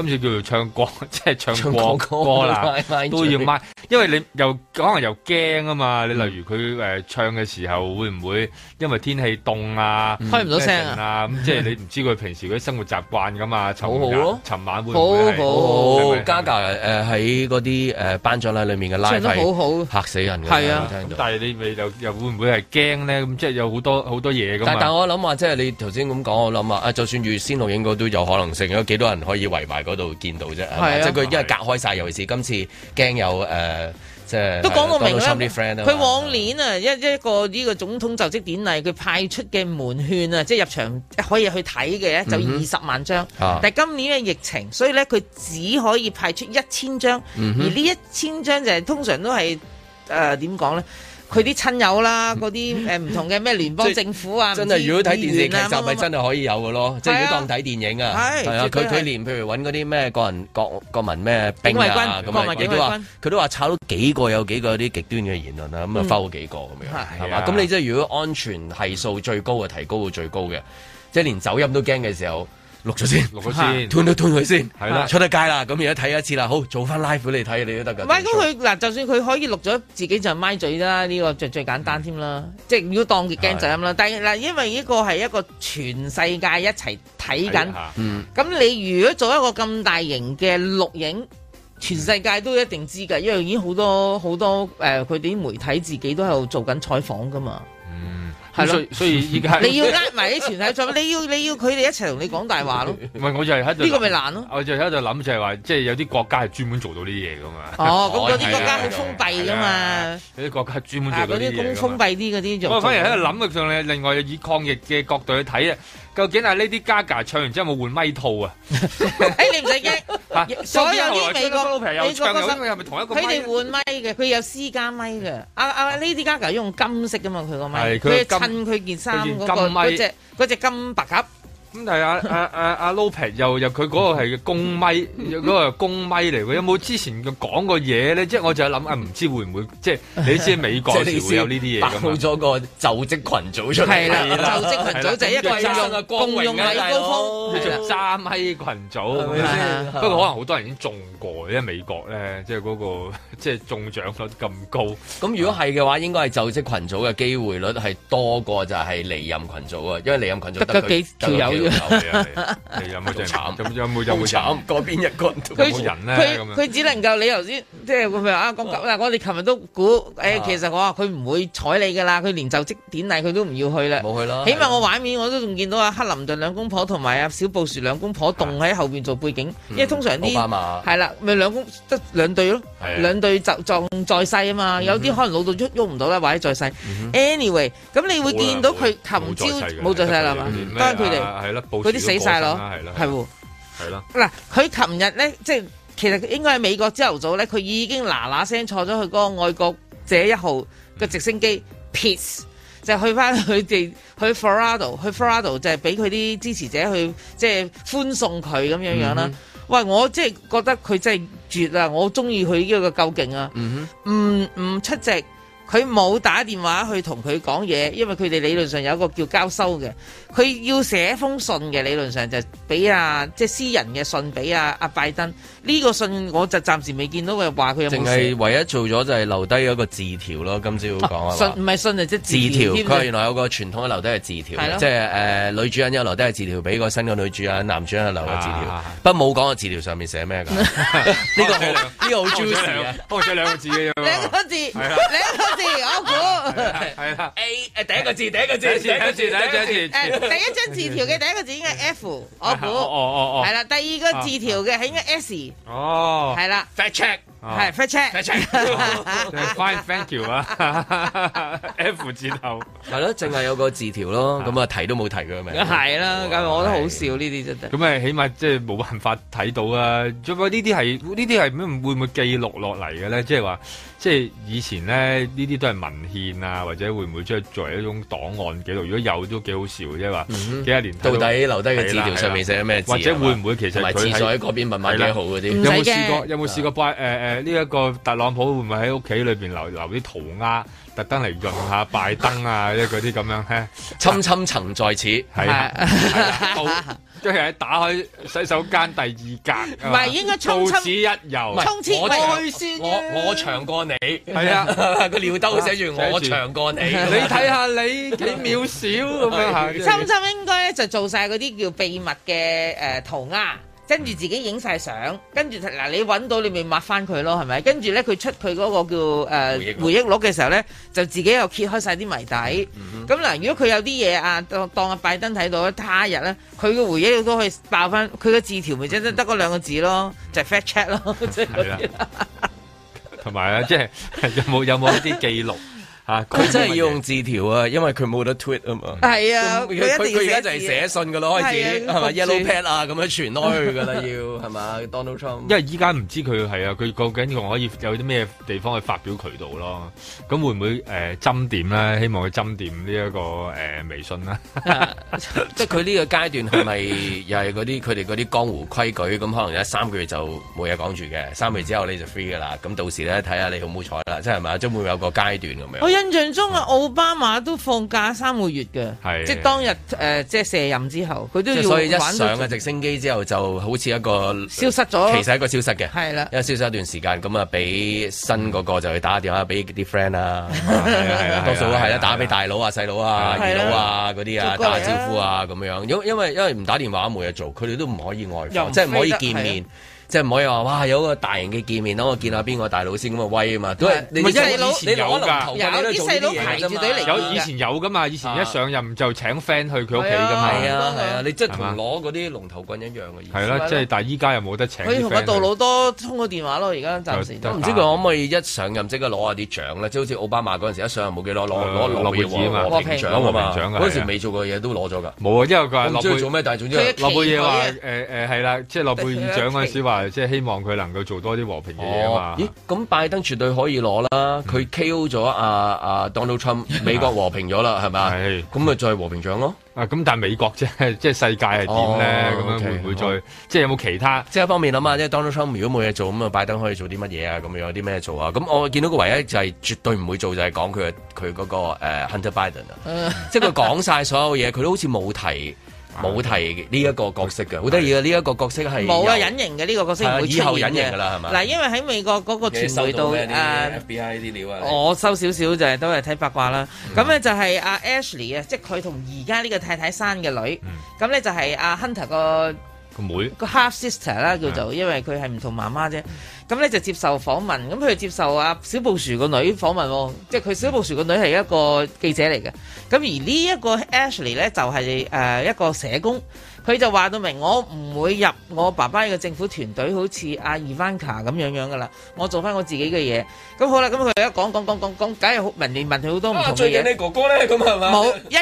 今次叫做唱歌，即係唱歌唱歌，歌，歌啦，都要買，因為你又可能又驚啊嘛、嗯。你例如佢、呃、唱嘅時候，會唔會因為天氣凍啊、嗯、啊，開唔到聲啊？咁、嗯、即係你唔知佢平時嗰啲生活習慣噶嘛？ 好好咯、啊，尋晚，晚會好好好。Gaga 喺嗰啲誒頒獎禮裏面嘅拉，唱得好好，嚇死人嘅、啊，啊。但係你咪又又會唔會係驚咧？咁即係有好多好多嘢噶嘛。但係我諗話，即係你頭先咁講，我諗啊，啊就算預先錄影過都有可能性，有幾多人可以圍埋。嗰度見到啫、啊，即係佢因為隔開晒、啊，尤其是今次驚有誒、呃，即係都講到、啊、明啦。佢往年啊，一、嗯、一個呢個總統就職典禮，佢派出嘅門券啊，即係入場可以去睇嘅就二十萬張。嗯、但係今年嘅疫情，所以咧佢只可以派出一千張，而呢一千張就係、是、通常都係誒點講咧？呃佢啲親友啦，嗰啲唔同嘅咩聯邦政府 啊，真係如果睇電視劇集，咪真係可以有嘅咯，即係、就是、如果當睇電影啊！係啊，佢佢、啊、連譬如揾嗰啲咩國人國國民咩兵啊，國民警衛軍都話，佢都話炒到幾個有幾個啲極端嘅言論啊，咁、嗯、啊，摟幾個咁樣啊！咁你即係如果安全係數最高嘅提高到最高嘅，即係連走音都驚嘅時候。錄咗先錄，錄咗、啊、先錄，斷斷佢先，係啦，出得街啦，咁而家睇一次啦，好做翻 live 嚟睇你都得噶。唔係，咁佢嗱，就算佢可以錄咗自己就咪嘴啦，呢、這個最最簡單添啦、嗯，即係要當 g a 就咁啦。但係嗱，因為呢個係一個全世界一齊睇緊，咁、嗯、你如果做一個咁大型嘅錄影，全世界都一定知噶，因為已經好多好多誒，佢、呃、啲媒體自己都喺度做緊採訪噶嘛。係所以依家 你要拉埋啲團體咗，你要你要佢哋一齊同你講大話咯。唔係，我就喺度呢個咪難咯。我就喺度諗就係話、啊，即係、就是、有啲國家係專門做到啲嘢噶嘛。哦，咁嗰啲國家好封閉噶嘛。有啲國家係專門做嗰啲。啊，嗰啲啲嗰啲。我、嗯、反而喺度諗嘅上咧，另外以抗疫嘅角度去睇啊。究竟啊 Lady Gaga 唱完之後有冇換咪套啊？誒、 哎，你唔使驚，所有啲美國的朋友美國嘅，佢哋、啊、換咪嘅，佢有私家咪嘅、嗯。啊，阿 Lady Gaga 用金色嘅嘛，佢、個咪，佢襯佢件衫嗰個嗰隻嗰隻金白鴿。咁但係阿阿、啊、阿阿、啊啊、Lopez 又入佢嗰個係公咪，嗰、嗯、個公咪嚟嘅。有冇之前嘅講過嘢咧？即我就諗啊，唔知會唔會即你知美國會有呢啲嘢咗個就職群組出嚟。係啦，就職群組就係一個公用咪高峯，揸咪群組，就是群組。不過可能好多人已經中過，因為美國咧，即、就、嗰、是那個即、就是、中獎率咁高。咁如果係嘅話，應該係就職群組嘅機會率係多過就係離任群組啊，因為離任群組得幾係 有冇就慘？有冇就慘？嗰邊一個都冇人咧。佢佢只能夠你頭先，即係會唔會啊？講及嗱，我哋琴日都估誒、哎，其實我話佢唔會睬你噶啦，佢連就職典禮佢都唔要去啦。冇去啦。起碼我畫面我都仲見到阿克林頓兩公婆同埋阿小布什兩公婆棟喺後邊做背景，因為通常啲係啦，咪兩公得兩對咯，兩對就仲在世啊嘛。有啲可能老到出喐唔到啦，或者在世。Anyway，咁你會見到佢琴朝冇在世啦嘛，當然，佢哋。係咯，佢啲死晒咯，係喎，係咯。嗱，佢琴日咧，即係其實應該喺美國朝頭早咧，佢已經嗱嗱聲坐咗去嗰個愛國者一號嘅直升機 Peace 就去翻佢哋去 Florida，去 Florida 就係俾佢啲支持者去即係歡送佢咁樣樣啦。Mm -hmm. 喂，我即係覺得佢真係絕啦，我中意佢呢個究竟啊，唔、mm、唔 -hmm. 出席。佢冇打電話去同佢講嘢，因為佢哋理論上有一個叫交收嘅，佢要寫封信嘅理論上就俾啊即係、就是、私人嘅信俾啊阿拜登呢、這個信我就暫時未見到佢話佢有冇。淨係唯一做咗就係留低咗個字條咯，今朝講啊。信唔係信啊，即、就、係、是、字條。佢原來有個傳統嘅留低個字條即係誒、呃、女主人有留低字條俾個新嘅女主人，男主人有留個字條，不、啊、過冇講個字條上面寫咩㗎。呢 個好呢 個好 juicy 啊，多咗兩個字啊嘛。兩 個字 我估係啦，A 誒第一個字第一個字第一個字第一個字，誒第一張字條嘅第一個字應該係 F， 我估猜笑 對了，係啦，第二個字條嘅係應該 S，哦， 係啦，fact check。 oh, 係、哦，check check，fine，thank、哦、 you 啊 ，F 字頭 ，係咯，淨係有個字條咯，咁啊提都冇提佢咪，梗係啦，咁我都好笑呢啲、啊、真真，咁啊起碼即係冇辦法睇到啊，除非呢啲係呢啲係咩會唔會記錄落嚟嘅咧？即係話，即係以前咧呢啲都係文獻啊，或者會唔會即係作為一種檔案記錄？如果有都幾好笑嘅，即係話幾廿年到底留低嘅字條上面寫咩或者會唔會其實埋字在嗰邊密碼幾好嗰啲、啊啊？有冇試過？有冇試過誒、這個，呢一個特朗普會唔會喺屋企裏邊留留啲塗鴉，特登嚟潤下拜登啊，即嗰啲咁樣咧？侵侵曾在此，係即係喺打開洗手間第二格。唔 係，應該沖此一遊此我我我我我，我長過你。係 是啊，個尿兜寫住我長過你。 你睇下你幾渺小咁樣係。 侵侵應該就做晒嗰啲叫秘密嘅誒塗鴉。呃跟住自己影晒相，跟住嗱，你揾到你咪抹翻佢咯，係咪？跟住咧佢出佢嗰個叫誒回憶錄嘅時候咧，就自己又揭開晒啲謎底。咁、嗯、嗱、嗯嗯，如果佢有啲嘢啊，當當阿拜登睇到他日咧佢嘅回憶都可以爆翻佢嘅字條，咪真係得得嗰兩個字、嗯就是、咯， 是的 就 “fact check 咯。係啦，同埋啊，即係有冇有冇一啲記錄？佢、啊、真係要用字條啊，因為佢冇得 tweet 啊嘛。係啊，佢佢而家就係寫信㗎咯，開始係嘛？Yellow pad 啊，咁、啊、樣傳開去㗎喇， 要係咪 Donald Trump，因為依家唔知佢係啊，佢究竟佢可以有啲咩地方去發表渠道囉。咁會唔會誒、呃、針點咧？希望佢針點呢、這、一個誒、呃、微信啦。啊、 即係佢呢個階段係咪又係嗰啲佢哋嗰啲江湖規矩？咁可能一三個月就冇嘢講住嘅，三個月之後你就 free 㗎啦。咁到時呢，睇下你好唔好彩啦。即係係嘛，會,會有個階段咁樣。 印象中啊，奧巴馬都放假三個月嘅、啊，即係當日誒、呃，即係卸任之後，佢都要揾。即係所以一上嘅直升機之後，就好似一個消失咗，其實一個消失嘅。係 啦，因為消失一段時間，咁啊，俾新嗰個就去打電話俾啲 friend 啊，多數都係 打俾大佬啊、細佬啊、二佬啊嗰啲啊，打下招呼啊咁樣。因為因為因為唔打電話冇嘢做，佢哋都唔可以外訪，即係唔可以見面。即係唔可以話哇！有個大型嘅見面，我見下邊個大佬先咁啊威啊嘛，都係你，你，你，有你龍頭你，以前有噶嘛，以前一上任就請 friend 去佢屋企噶嘛。係、嗯嗯嗯嗯、啊係啊，啊，啊，啊，你即係同攞嗰啲龍頭棍一樣嘅意思。係咯、啊，即係、啊啊啊、但係依家又冇得請道。佢同阿杜魯多通過電話咯，而家暫時。唔知佢可唔可以一上任刻一即刻攞下啲獎啦，即係好似奧巴馬嗰陣時一上任冇幾攞攞攞攞攞獎攞攞獎啊！嗰時未做過嘢都攞咗㗎。冇啊，因為佢係攞。做咩？但係總之，諾貝爾話誒誒係啦，即係諾貝爾獎嗰陣時話。係即係希望佢能夠做多啲和平嘅嘢啊嘛、哦？咦，咁拜登絕對可以攞啦！佢 KO 咗阿阿 Donald Trump，美國和平咗啦，係 咪？咁咪再和平獎咯？啊，咁但係美國即係即係世界係點咧？咁、哦、樣 okay, 會唔會再、okay. 即係有冇其他？即係一方面諗下，即係 Donald Trump 如果冇嘢做，咁啊拜登可以做啲乜嘢啊？咁樣有啲咩做啊？咁我見到個唯一就係絕對唔會做，就係講佢佢嗰個誒、啊、Hunter Biden 啊， 即係佢講晒所有嘢，佢都好似冇提。冇提呢一個角色嘅，好得意嘅呢一個角色係冇啊，隱形嘅呢、呢個角色唔會以後隱形嘅啦，係嘛？嗱，因為喺美國嗰個傳媒度，啲料啊。啊我收少少就係都係睇八卦啦。咁、嗯、咧就係阿 Ashley 啊、嗯，即係佢同而家呢個太太生嘅女，咁、嗯、咧就係阿 Hunter 個。個妹個 half sister 啦叫做，因為佢係唔同媽媽啫。咁咧就接受訪問，咁佢接受啊小布殊個女訪問，即係佢小布殊個女係一個記者嚟嘅。咁而呢一個 Ashley 咧就係誒一個社工，佢就話到明我唔會入我爸爸嘅政府團隊，好似阿 Ivanka 咁樣樣噶啦。我做翻我自己嘅嘢。咁好啦，咁佢而家講講講講講，梗係問你問佢好多唔同嘅嘢、啊。最近你哥哥咧咁係嘛？冇一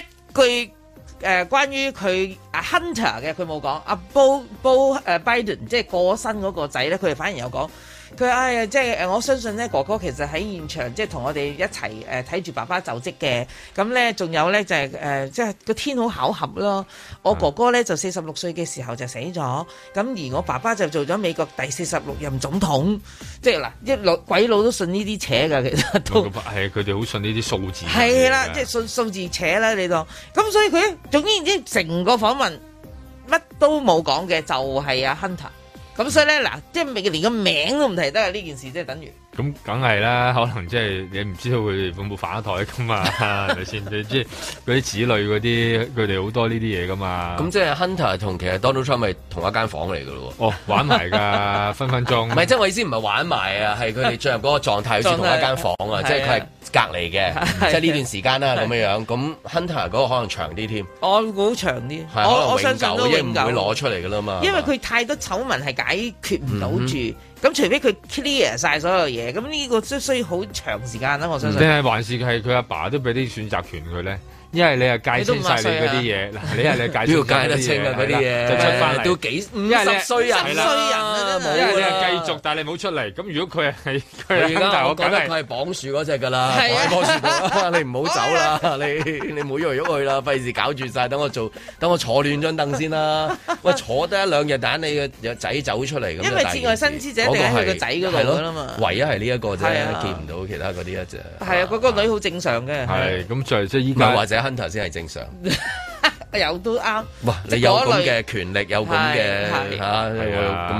句。誒，關於佢阿 Hunter 嘅，佢冇講阿 Beau Beau、uh, Biden，即係過身嗰個仔咧，佢哋反而有講。佢呀、哎、即係我相信咧，哥哥其實喺現場，即係同我哋一齊誒睇住爸爸就職嘅。咁咧，仲有咧就係、誒、即係個天好巧合咯。我哥哥咧就四十六歲嘅時候就死咗。咁而我爸爸就做咗美國第四十六任總統。即係嗱，一老鬼佬都信呢啲扯㗎，其實都佢哋好信呢啲數字，係啦，即係信數,數字扯啦，你講。咁所以佢總之然之成個訪問乜都冇講嘅，就係阿 Hunter。咁所以咧，嗱，即係未連個名都唔提得啊！呢件事即係等於。咁梗係啦，可能即係你唔知道佢哋會唔會反台噶嘛，係咪先？你知嗰啲子女嗰啲，佢哋好多呢啲嘢噶嘛。咁即係 Hunter 同其實 Donald Trump 係同一間房嚟噶咯？哦，玩埋噶 分分鐘。唔係，即係我意思唔係玩埋啊，係佢哋進入嗰個狀態好似同一間房啊，即係佢係隔離嘅，即係呢段時間啦咁樣樣。咁 Hunter 嗰個可能長啲添。哦，好長啲，我，我可能永久，我永久因為唔會攞出嚟噶啦嘛。因為佢太多醜聞係解決唔到住。咁除非佢 clear 晒所有嘢，咁呢個都需要好長時間啦。我相信定係還是係佢阿爸都俾啲選擇權佢咧。因為你又戒晒你嗰啲嘢，嗱你係你戒得清咁啲嘢，都幾五十歲人，衰人啦都冇啦。繼續，但你冇出嚟。咁如果佢係佢而家，我覺得佢係綁樹嗰隻㗎啦，你唔好走啦，你你唔喐喐去啦，費事搞住晒。等我做，等我坐亂張凳先啦。喂，坐得一兩日等你個仔走出嚟咁。因為節外生枝者，定、那、係個仔嗰個啦嘛。唯一係呢一個啫，見唔到其他嗰啲一隻。係啊，嗰個女好正常嘅。係咁，最即依或者。分頭先係正常， 有都啱。哇，你有咁嘅權力，有咁嘅嚇，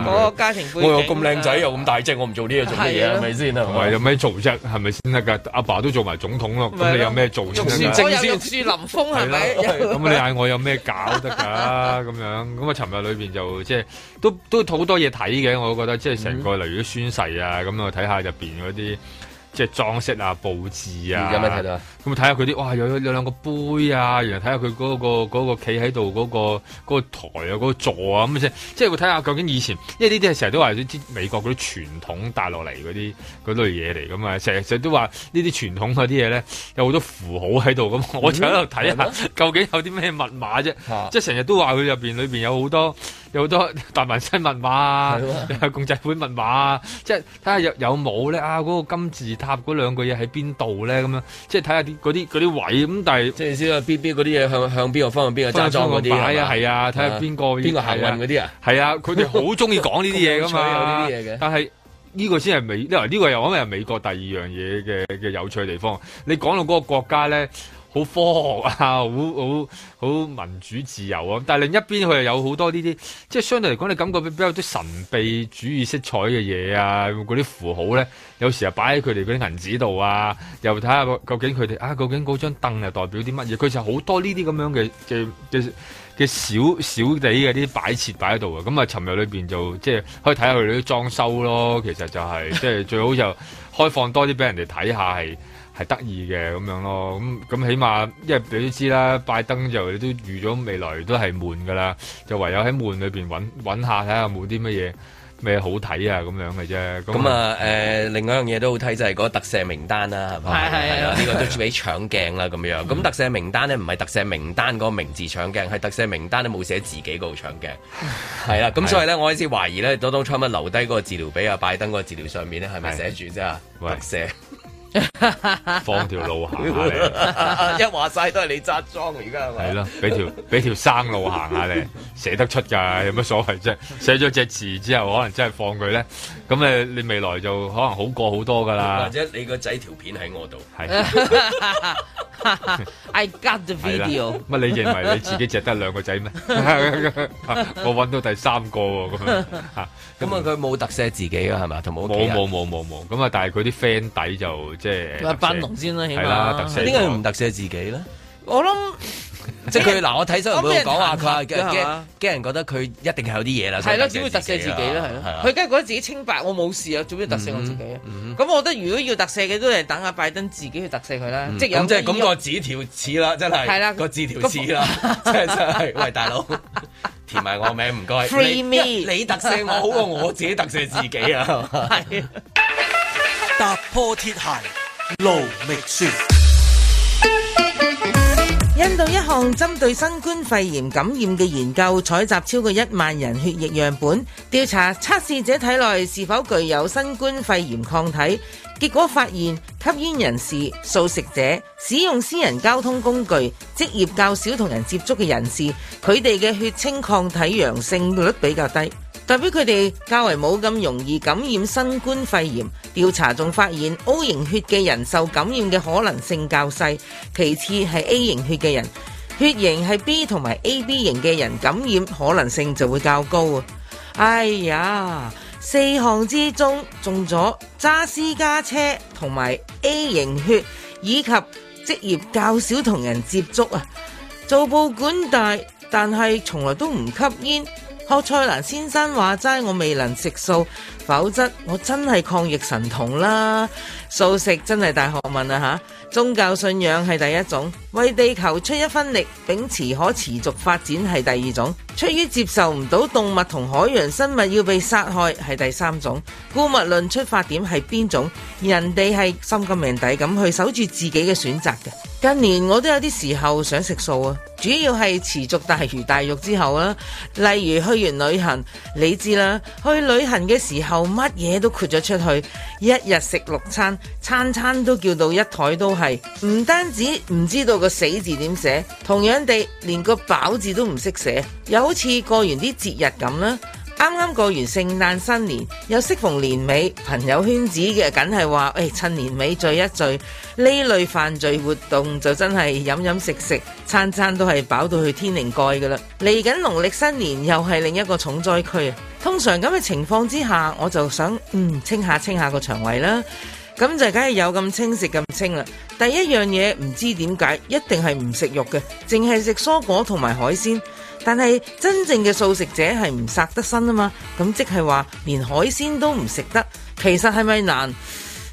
我有家庭背景，我有咁靚仔，又咁大隻，我唔做呢樣做乜嘢，係咪先啊？我有咩、啊、做啫？係咪、啊、先得㗎？阿爸都做埋總統咯，咁你有咩做先，玉樹臨風係咪？咁你嗌我有咩搞得㗎？咁樣咁啊？尋日裏邊就即係、就是、都都好多嘢睇嘅，我覺得即係成個例如啲宣誓啊，咁啊睇下入邊嗰啲。即係裝飾啊、布置啊，有咩睇到啊？咁睇下佢啲，哇，有有有兩個杯啊，然後睇下佢嗰個、嗰個企喺度嗰個、嗰個台啊、嗰、嗰個座啊，咁即係即係會睇下究竟以前，因為呢啲係成日都話啲美國嗰啲傳統帶落嚟嗰啲嗰類嘢嚟噶嘛，成日成日都話呢啲傳統嗰啲嘢咧有好多符號喺度，咁我就喺度睇下、嗯、究竟有啲咩密碼啫、啊，即係成日都話佢入邊裏邊有好多。有好多達文西密碼啊，有共濟會密碼是看看有有啊，即係睇下有有冇咧啊！嗰個金字塔嗰兩個嘢喺邊度咧？咁樣即係睇下啲嗰啲啲位咁，但係即係先啊！B B 嗰啲嘢向向邊個方向哪？邊個爭狀嗰啲？係啊係啊，睇下邊個邊、啊、個行運嗰啲啊？係啊！佢哋好中意講呢啲嘢噶嘛？ 這有有這但係呢、呢個先係美，因為呢個又可能係美國第二樣嘢嘅嘅有趣地方。你講到嗰個國家咧。好科學啊！好好好民主自由啊！但係另一邊佢又有好多呢啲，即係相對嚟講，你感覺比較啲神秘主義色彩嘅嘢啊，嗰啲符號咧，有時啊擺喺佢哋嗰啲銀紙度啊，又睇下究竟佢哋啊，究竟嗰張凳係代表啲乜嘢？佢就好多呢啲咁樣嘅嘅嘅嘅小小地嘅啲擺設擺喺度啊。咁啊，尋日裏面就即係可以睇下佢哋啲裝修咯。其實就係即係最好就開放多啲俾人哋睇下係。係得意嘅咁樣咯，咁咁起碼，因為你都知啦，拜登就都預咗未來都係悶噶啦，就唯有喺悶裏邊揾揾下，睇下冇啲乜嘢咩好睇啊咁樣嘅啫。咁啊誒，另外一樣嘢都好睇就係、是、嗰個特赦名單啦，係嘛？係係啊，呢、這個都俾搶鏡啦咁樣。咁、嗯、特赦名單呢，唔係特赦名單個名字搶鏡，係特赦名單都冇寫自己嗰度搶鏡。係 啦，咁所以呢，我開始懷疑呢，都當 Trump 留低嗰個字條俾阿拜登嗰個字條上面呢，係咪寫住啫？特赦。 放條路行下嚟 一話晒都係你扎樁，而家係咪？係咯，俾條俾條生路行下嚟，寫得出噶，有乜所謂啫？寫咗隻字之後，可能真係放佢咧。咁誒，你未來就可能好過好多噶啦。或者你個仔條片喺我度。係。I got the video。乜你認為你自己淨得兩個仔咩？我揾到第三個喎。咁啊，吓。咁啊，佢冇特寫自己噶係嘛？同冇。冇冇冇冇冇。咁啊，但係佢啲 friend 底就即係。阿八龍先啦，起碼。係啦。點解要唔特寫自己咧？我諗。 即係佢嗱，我睇新聞會講話佢，驚驚驚人覺得佢一定係有啲嘢啦。係咯，只會特赦自己啦，係咯。佢梗係覺得自己清白，我冇事啊，做咩要特赦我自己？咁、嗯嗯、我覺得如果要特赦嘅都係等阿拜登自己去特赦佢啦。即係咁即係咁、咁個紙條似啦，真係。係啦，個字條似啦，真係真係喂，大佬， 填埋我名唔該。Free me，你特赦我好過 我自己特赦自己啊。係。踏破鐵鞋無覓處。印度一項針對新冠肺炎感染嘅研究，採集超過一萬人血液樣本，調查測試者體內是否具有新冠肺炎抗體，結果發現吸煙人士、素食者、使用私人交通工具、職業較少同人接觸嘅人士，佢哋嘅血清抗體陽性率比較低。代表佢哋較為冇咁容易感染新冠肺炎。調查仲發現，O 型血嘅人受感染嘅可能性較細。其次係 A 型血嘅人，血型係 B 同埋 AB 型嘅人感染可能性就會較高啊！哎呀，四項之中中咗揸私家車同埋 A 型血，以及職業較少同人接觸啊，做報館大，但係從來都唔吸煙。學蔡蘭先生話齋，我未能食素，否則我真係抗疫神童啦！素食真係大學問啊吓。宗教信仰係第一種，為地球出一分力，秉持可持續發展係第二種，出於接受唔到動物同海洋生物要被殺害係第三種。姑勿論出發點係邊種？人哋係心甘命抵咁去守住自己嘅選擇嘅。近年我都有啲時候想食素啊，主要係持續大魚大肉之後啦。例如去完旅行，你知啦，去旅行嘅時候乜嘢都豁咗出去，一日食六餐，餐餐都叫到一台都係。唔單止唔知道個死字點寫，同樣地連個飽字都唔識寫，又好似過完啲節日咁啦。啱啱過完聖誕新年，又適逢年尾，朋友圈子嘅梗係話，誒、哎，趁年尾聚一聚。呢類飯聚活動就真係飲飲食食，餐餐都係飽到去天靈蓋噶啦。嚟緊農曆新年又係另一個重災區啊。通常咁嘅情況之下，我就想嗯清下清下個腸胃啦，咁就梗係有咁清食咁清啦。第一樣嘢唔知點解，一定係唔食肉嘅，淨係食蔬果同埋海鮮。但係真正嘅素食者係唔殺得身啊嘛，咁即係話連海鮮都唔食得，其實係咪難？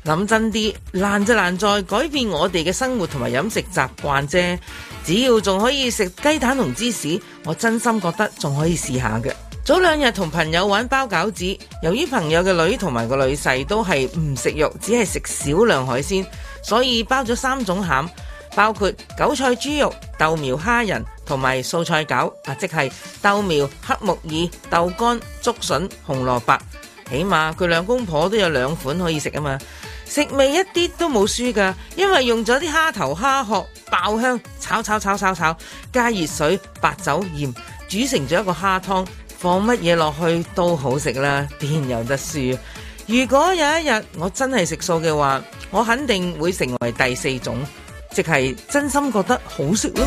諗真啲，難就難在改變我哋嘅生活同埋飲食習慣啫。只要仲可以食雞蛋同芝士，我真心覺得仲可以試下嘅。早兩日同朋友玩包餃子，由於朋友嘅女同埋個女婿都係唔食肉，只係食少量海鮮。所以包咗三種餡，包括韭菜豬肉、豆苗蝦仁同埋素菜餃，啊，即係豆苗、黑木耳、豆乾、竹筍、紅蘿蔔，起碼佢兩公婆都有兩款可以食啊嘛！食味一啲都冇輸噶，因為用咗啲蝦頭蝦殼爆香，炒炒炒炒炒，加熱水、白酒、鹽煮成咗一個蝦湯，放乜嘢落去都好食啦，邊有得輸？如果有一日我真係食素嘅話，我肯定會成為第四種，即係真心覺得好食咯。